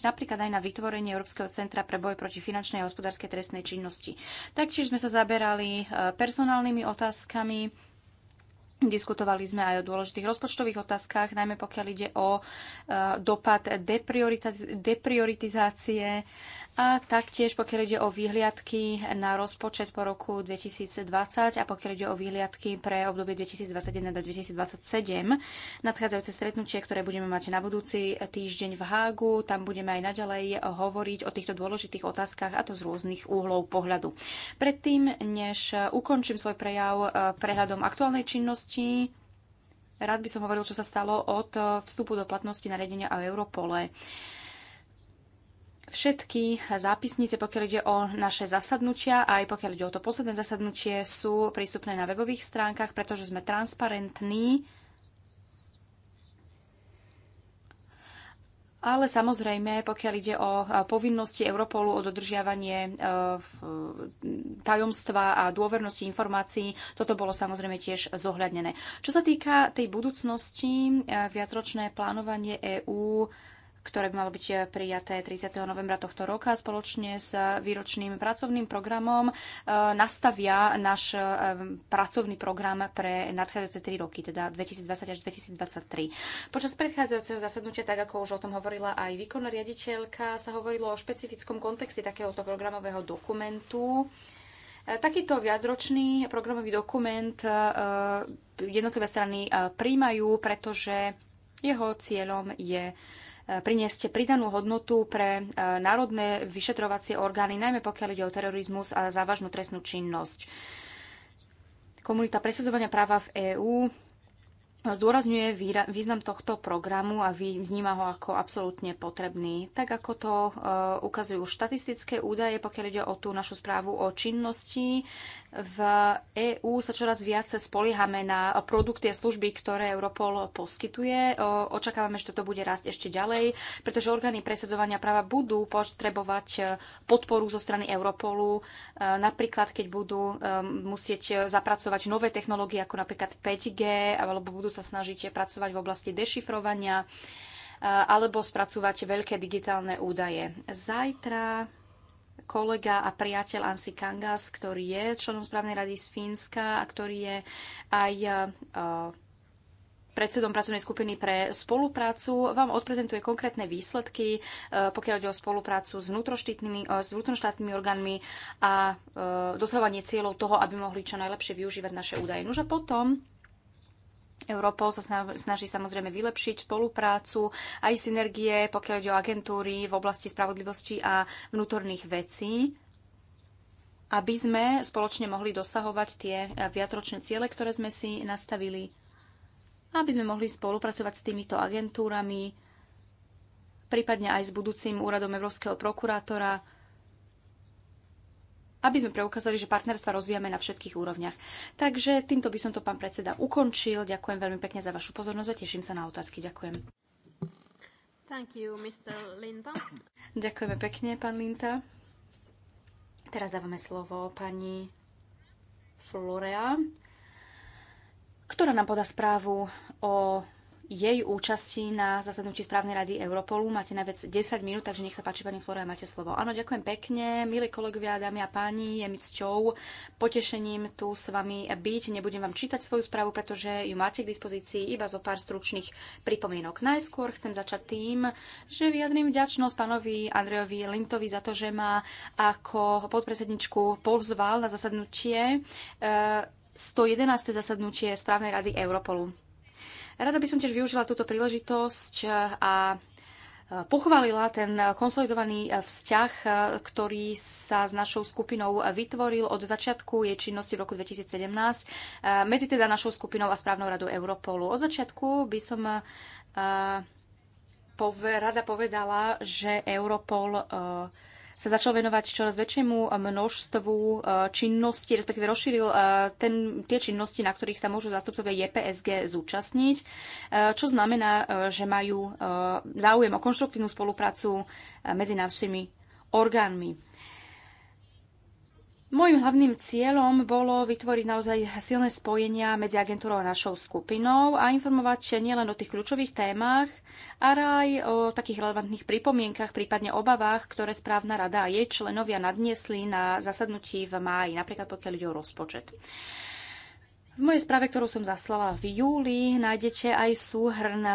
napríklad aj na vytvorenie Európskeho centra pre boj proti finančnej a hospodárskej trestnej činnosti. Taktiež sme sa zaberali personálnymi otázkami Diskutovali sme aj o dôležitých rozpočtových otázkach, najmä pokiaľ ide o e, dopad deprioritizácie a taktiež, pokiaľ ide o výhliadky na rozpočet po roku 2020 a pokiaľ ide o výhliadky pre obdobie 2021 do 2027, nadchádzajúce stretnutie, ktoré budeme mať na budúci týždeň v Hágu, tam budeme aj naďalej hovoriť o týchto dôležitých otázkach a to z rôznych úhlov pohľadu. Predtým, než ukončím svoj prejav eh, prehľadom aktuálnej činnosti, rád by som hovoril, čo sa stalo od vstupu do platnosti nariadenia o Europole. Všetky zápisnice, pokiaľ ide o naše zasadnutia, aj pokiaľ ide o to posledné zasadnutie, sú prístupné na webových stránkach, pretože sme transparentní. Ale samozrejme, pokiaľ ide o povinnosti Europolu o dodržiavanie e, tajomstva a dôvernosti informácií, toto bolo samozrejme tiež zohľadnené. Čo sa týka tej budúcnosti, e, viacročné plánovanie EÚ ktoré by malo byť eh, prijaté 30. novembra tohto roka spoločne s eh, výročným pracovným programom eh, nastavia náš pracovný program pre nadchádzajúce 3 roky, teda 2020 až 2023. Počas predchádzajúceho zasadnutia, tak ako už o tom hovorila aj výkonná riaditeľka, sa hovorilo o špecifickom kontexte takéhoto programového dokumentu. Takýto viacročný programový dokument jednotlivé strany príjmajú, pretože jeho cieľom je E, priniesť pridanú hodnotu pre e, národné vyšetrovacie orgány, najmä pokiaľ ide o terorizmus a závažnú trestnú činnosť. Komunita presadzovania práva v EÚ zdôrazňuje význam tohto programu a vníma ho ako absolútne potrebný. Tak ako to e, ukazujú štatistické údaje, pokiaľ ide o tú našu správu o činnosti v EÚ sa čoraz viac spoliehame na produkty a služby, ktoré Europol poskytuje. Očakávame, že toto bude rásť ešte ďalej, pretože orgány presadzovania práva budú potrebovať e, podporu zo strany Europolu, e, napríklad keď budú e, musieť zapracovať nové technológie, ako napríklad 5G, alebo budú sa snažiť pracovať v oblasti dešifrovania alebo spracúvať veľké digitálne údaje. Zajtra kolega a priateľ Ansi Kangas, ktorý je členom správnej rady z Fínska a ktorý je aj e, predsedom pracovnej skupiny pre spoluprácu, vám odprezentuje konkrétne výsledky, e, pokiaľ ide o spoluprácu s, vnútroštátnymi, e, s vnútroštátnymi orgánmi a dosahovanie cieľov toho, aby mohli čo najlepšie využívať naše údaje. Nož a potom Europol sa snaží samozrejme vylepšiť spoluprácu aj synergie, pokiaľ ide o agentúry v oblasti spravodlivosti a vnútorných vecí, aby sme spoločne mohli dosahovať tie e, viacročné ciele, ktoré sme si nastavili, aby sme mohli spolupracovať s týmito agentúrami, prípadne aj s budúcim úradom Európskeho prokurátora, aby sme preukázali, že partnerstva rozvíjame na všetkých úrovniach. Takže týmto by som to, pán predseda, ukončil. Ďakujem veľmi pekne za vašu pozornosť a teším sa na otázky. Ďakujem. Thank you, Mr. Linda. Ďakujeme pekne, pán Linta. Teraz dávame slovo pani Florea, ktorá nám podá správu o jej účasti na zasadnutí správnej rady Europolu. Máte na vec 10 minút, takže nech sa páči, pani Flora, máte slovo. Áno, ďakujem pekne, milí kolegovia, dámy a páni, je mi cťou, potešením tu s vami byť. Nebudem vám čítať svoju správu, pretože ju máte k dispozícii iba zo pár stručných pripomienok. Najskôr chcem začať tým, že vyjadrím vďačnosť pánovi Andrejovi Lintovi za to, že ma ako podpredsedničku pozval na zasadnutie 111. Eh, zasadnutie správnej rady Europolu. Rada by som tiež využila túto príležitosť eh, a eh, pochválila ten konsolidovaný eh, vzťah, ktorý sa s našou skupinou vytvoril od začiatku jej činnosti v roku 2017 medzi teda našou skupinou a správnou radou Europolu. Od začiatku by som rada povedala, že Europol sa začal venovať čoraz väčšiemu množstvu e, činností, respektíve rozšíril e, ten, tie činnosti, na ktorých sa môžu zástupcovia JPSG zúčastniť, e, čo znamená, že majú záujem o konštruktívnu spoluprácu medzi našimi orgánmi. Mojím hlavným cieľom bolo vytvoriť naozaj silné spojenia medzi agentúrou a našou skupinou a informovať nielen o tých kľúčových témach, ale aj o takých relevantných pripomienkach, prípadne obavách, ktoré správna rada a jej členovia nadniesli na zasadnutí v máji, napríklad pokiaľ ide o rozpočet. V mojej správe, ktorú som zaslala v júli, nájdete aj súhrn um,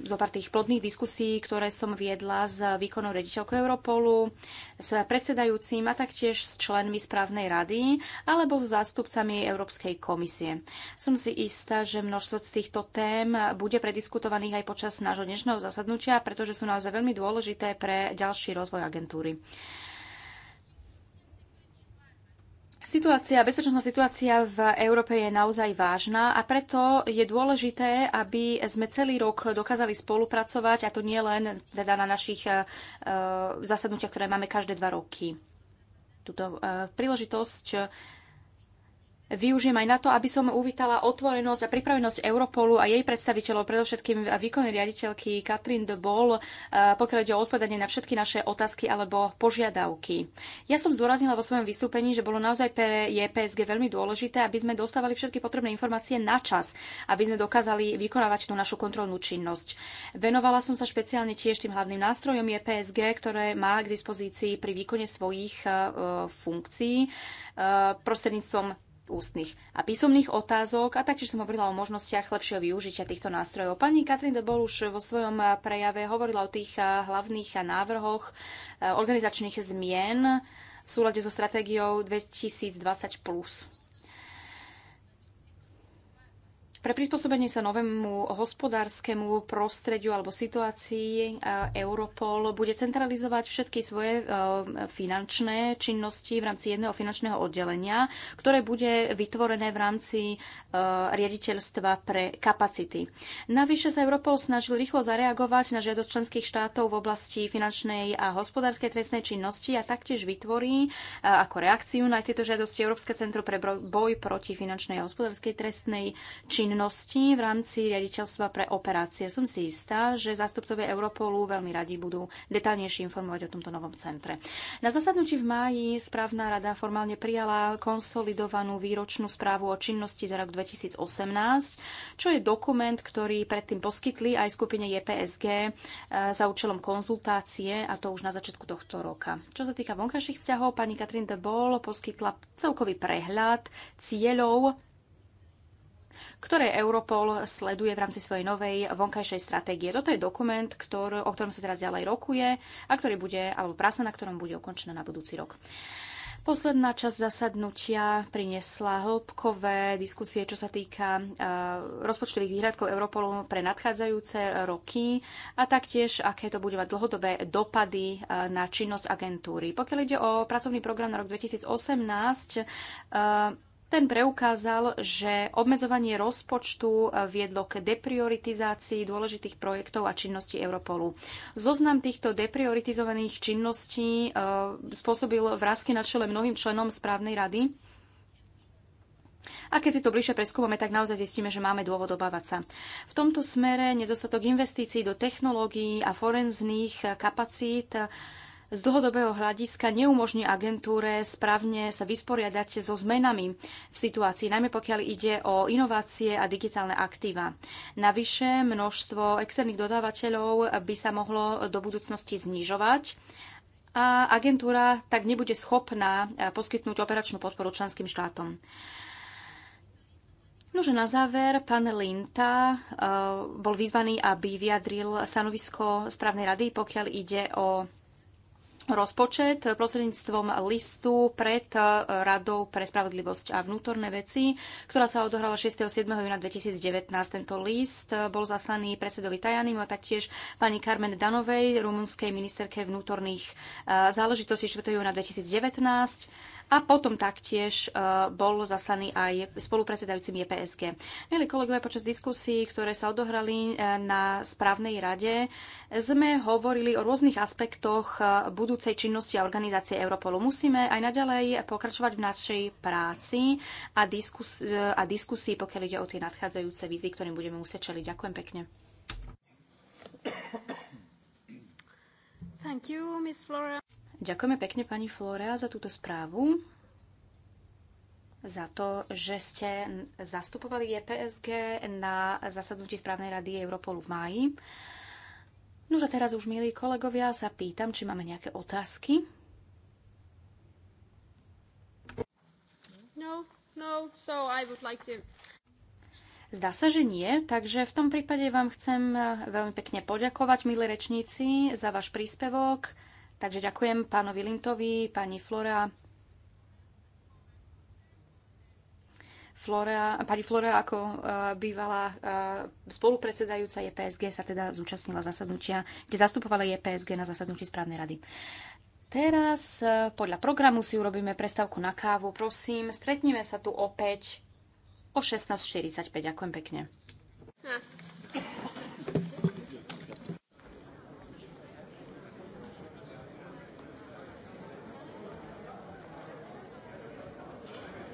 zo pár tých plodných diskusí, ktoré som viedla s výkonnou rediteľkou Europolu, s predsedajúcim a taktiež s členmi správnej rady alebo so zástupcami Európskej komisie. Som si istá, že množstvo z týchto tém bude prediskutovaných aj počas nášho dnešného zasadnutia, pretože sú naozaj veľmi dôležité pre ďalší rozvoj agentúry. Situácia, bezpečnostná situácia v Európe je naozaj vážna a preto je dôležité, aby sme celý rok dokázali spolupracovať a to nie len teda na našich uh, zasadnutiach, ktoré máme každé dva roky. Tuto uh, príležitosť využijem aj na to, aby som uvítala otvorenosť a pripravenosť Europolu a jej predstaviteľov, predovšetkým výkonnej riaditeľky Katrin de Boll, eh, pokiaľ ide o odpovedanie na všetky naše otázky alebo požiadavky. Ja som zdôraznila vo svojom vystúpení, že bolo naozaj pre JPSG veľmi dôležité, aby sme dostávali všetky potrebné informácie na čas, aby sme dokázali vykonávať tú našu kontrolnú činnosť. Venovala som sa špeciálne tiež tým hlavným nástrojom JPSG, ktoré má k dispozícii pri výkone svojich eh, eh, funkcií prostredníctvom ústnych a písomných otázok a taktiež som hovorila o možnostiach lepšieho využitia týchto nástrojov. Pani Katrin de Bol už vo svojom eh, prejave hovorila o tých eh, hlavných návrhoch eh, organizačných zmien v súlade so stratégiou 2020+. Pre prispôsobenie sa novému hospodárskému prostrediu alebo situácii e, Europol bude centralizovať všetky svoje e, finančné činnosti v rámci jedného finančného oddelenia, ktoré bude vytvorené v rámci e, riaditeľstva pre kapacity. Navyše sa Europol snažil rýchlo zareagovať na žiadosť členských štátov v oblasti finančnej a hospodárskej trestnej činnosti a taktiež vytvorí ako reakciu na tieto žiadosti Európske centrum pre boj proti finančnej a hospodárskej trestnej činnosti činnosti v rámci riaditeľstva pre operácie. Som si istá, že zástupcovia Europolu veľmi radi budú detálnejšie informovať o tomto novom centre. Na zasadnutí v máji správna rada formálne prijala konsolidovanú výročnú správu o činnosti za rok 2018, čo je dokument, ktorý predtým poskytli aj skupine JPSG eh, za účelom konzultácie, a to už na začiatku tohto roka. Čo sa týka vonkajších vzťahov, pani Katrin de Bol poskytla celkový prehľad cieľov ktoré Europol sleduje v rámci svojej novej vonkajšej stratégie. Toto je dokument, ktor, o ktorom sa teraz ďalej rokuje a ktorý bude, alebo práca na ktorom bude ukončená na budúci rok. Posledná časť zasadnutia priniesla hĺbkové diskusie, čo sa týka e, rozpočtových výhľadkov Europolu pre nadchádzajúce roky a taktiež, aké to bude mať dlhodobé dopady e, na činnosť agentúry. Pokiaľ ide o pracovný program na rok 2018, ten preukázal, že obmedzovanie rozpočtu eh, viedlo k deprioritizácii dôležitých projektov a činností Europolu. Zoznam týchto deprioritizovaných činností eh, spôsobil vrázky na čele mnohým členom správnej rady. A keď si to bližšie preskúmame, tak naozaj zistíme, že máme dôvod obávať sa. V tomto smere nedostatok investícií do technológií a forenzných eh, kapacít z dlhodobého hľadiska neumožní agentúre správne sa vysporiadať so zmenami v situácii, najmä pokiaľ ide o inovácie a digitálne aktíva. Navyše množstvo externých dodávateľov by sa mohlo do budúcnosti znižovať a agentúra tak nebude schopná poskytnúť operačnú podporu členským štátom. Nože na záver, pán Linta eh, bol vyzvaný, aby vyjadril stanovisko správnej rady, pokiaľ ide o rozpočet prostredníctvom listu pred eh, Radou pre spravodlivosť a vnútorné veci, ktorá sa odohrala 6. 7. júna 2019. Tento list eh, bol zaslaný predsedovi Tajanimu a taktiež pani Carmen Danovej, rumunskej ministerke vnútorných eh, záležitostí 4. júna 2019 a potom taktiež e, bol zaslaný aj spolupredsedajúcim JPSG. Milí kolegovia, počas diskusí, ktoré sa odohrali e, na správnej rade, sme hovorili o rôznych aspektoch e, budúcej činnosti a organizácie Europolu. Musíme aj naďalej pokračovať v našej práci a, diskus- a diskusii, pokiaľ ide o tie nadchádzajúce vízy, ktorým budeme musieť čeliť. Ďakujem pekne. Thank you, Miss Flora. Ďakujeme pekne pani Florea za túto správu, za to, že ste zastupovali EPSG na zasadnutí správnej rady Europolu v máji. No a teraz už, milí kolegovia, sa pýtam, či máme nejaké otázky. No, no, so I would like to... Zdá sa, že nie, takže v tom prípade vám chcem veľmi pekne poďakovať, milí rečníci, za váš príspevok. Takže ďakujem pánovi Lintovi, pani Flora. Flora, pani Flora ako uh, bývalá uh, spolupredsedajúca JPSG sa teda zúčastnila zasadnutia, kde zastupovala JPSG na zasadnutí správnej rady. Teraz uh, podľa programu si urobíme prestávku na kávu. Prosím, stretneme sa tu opäť o 16.45. Ďakujem pekne. Ja. Hm.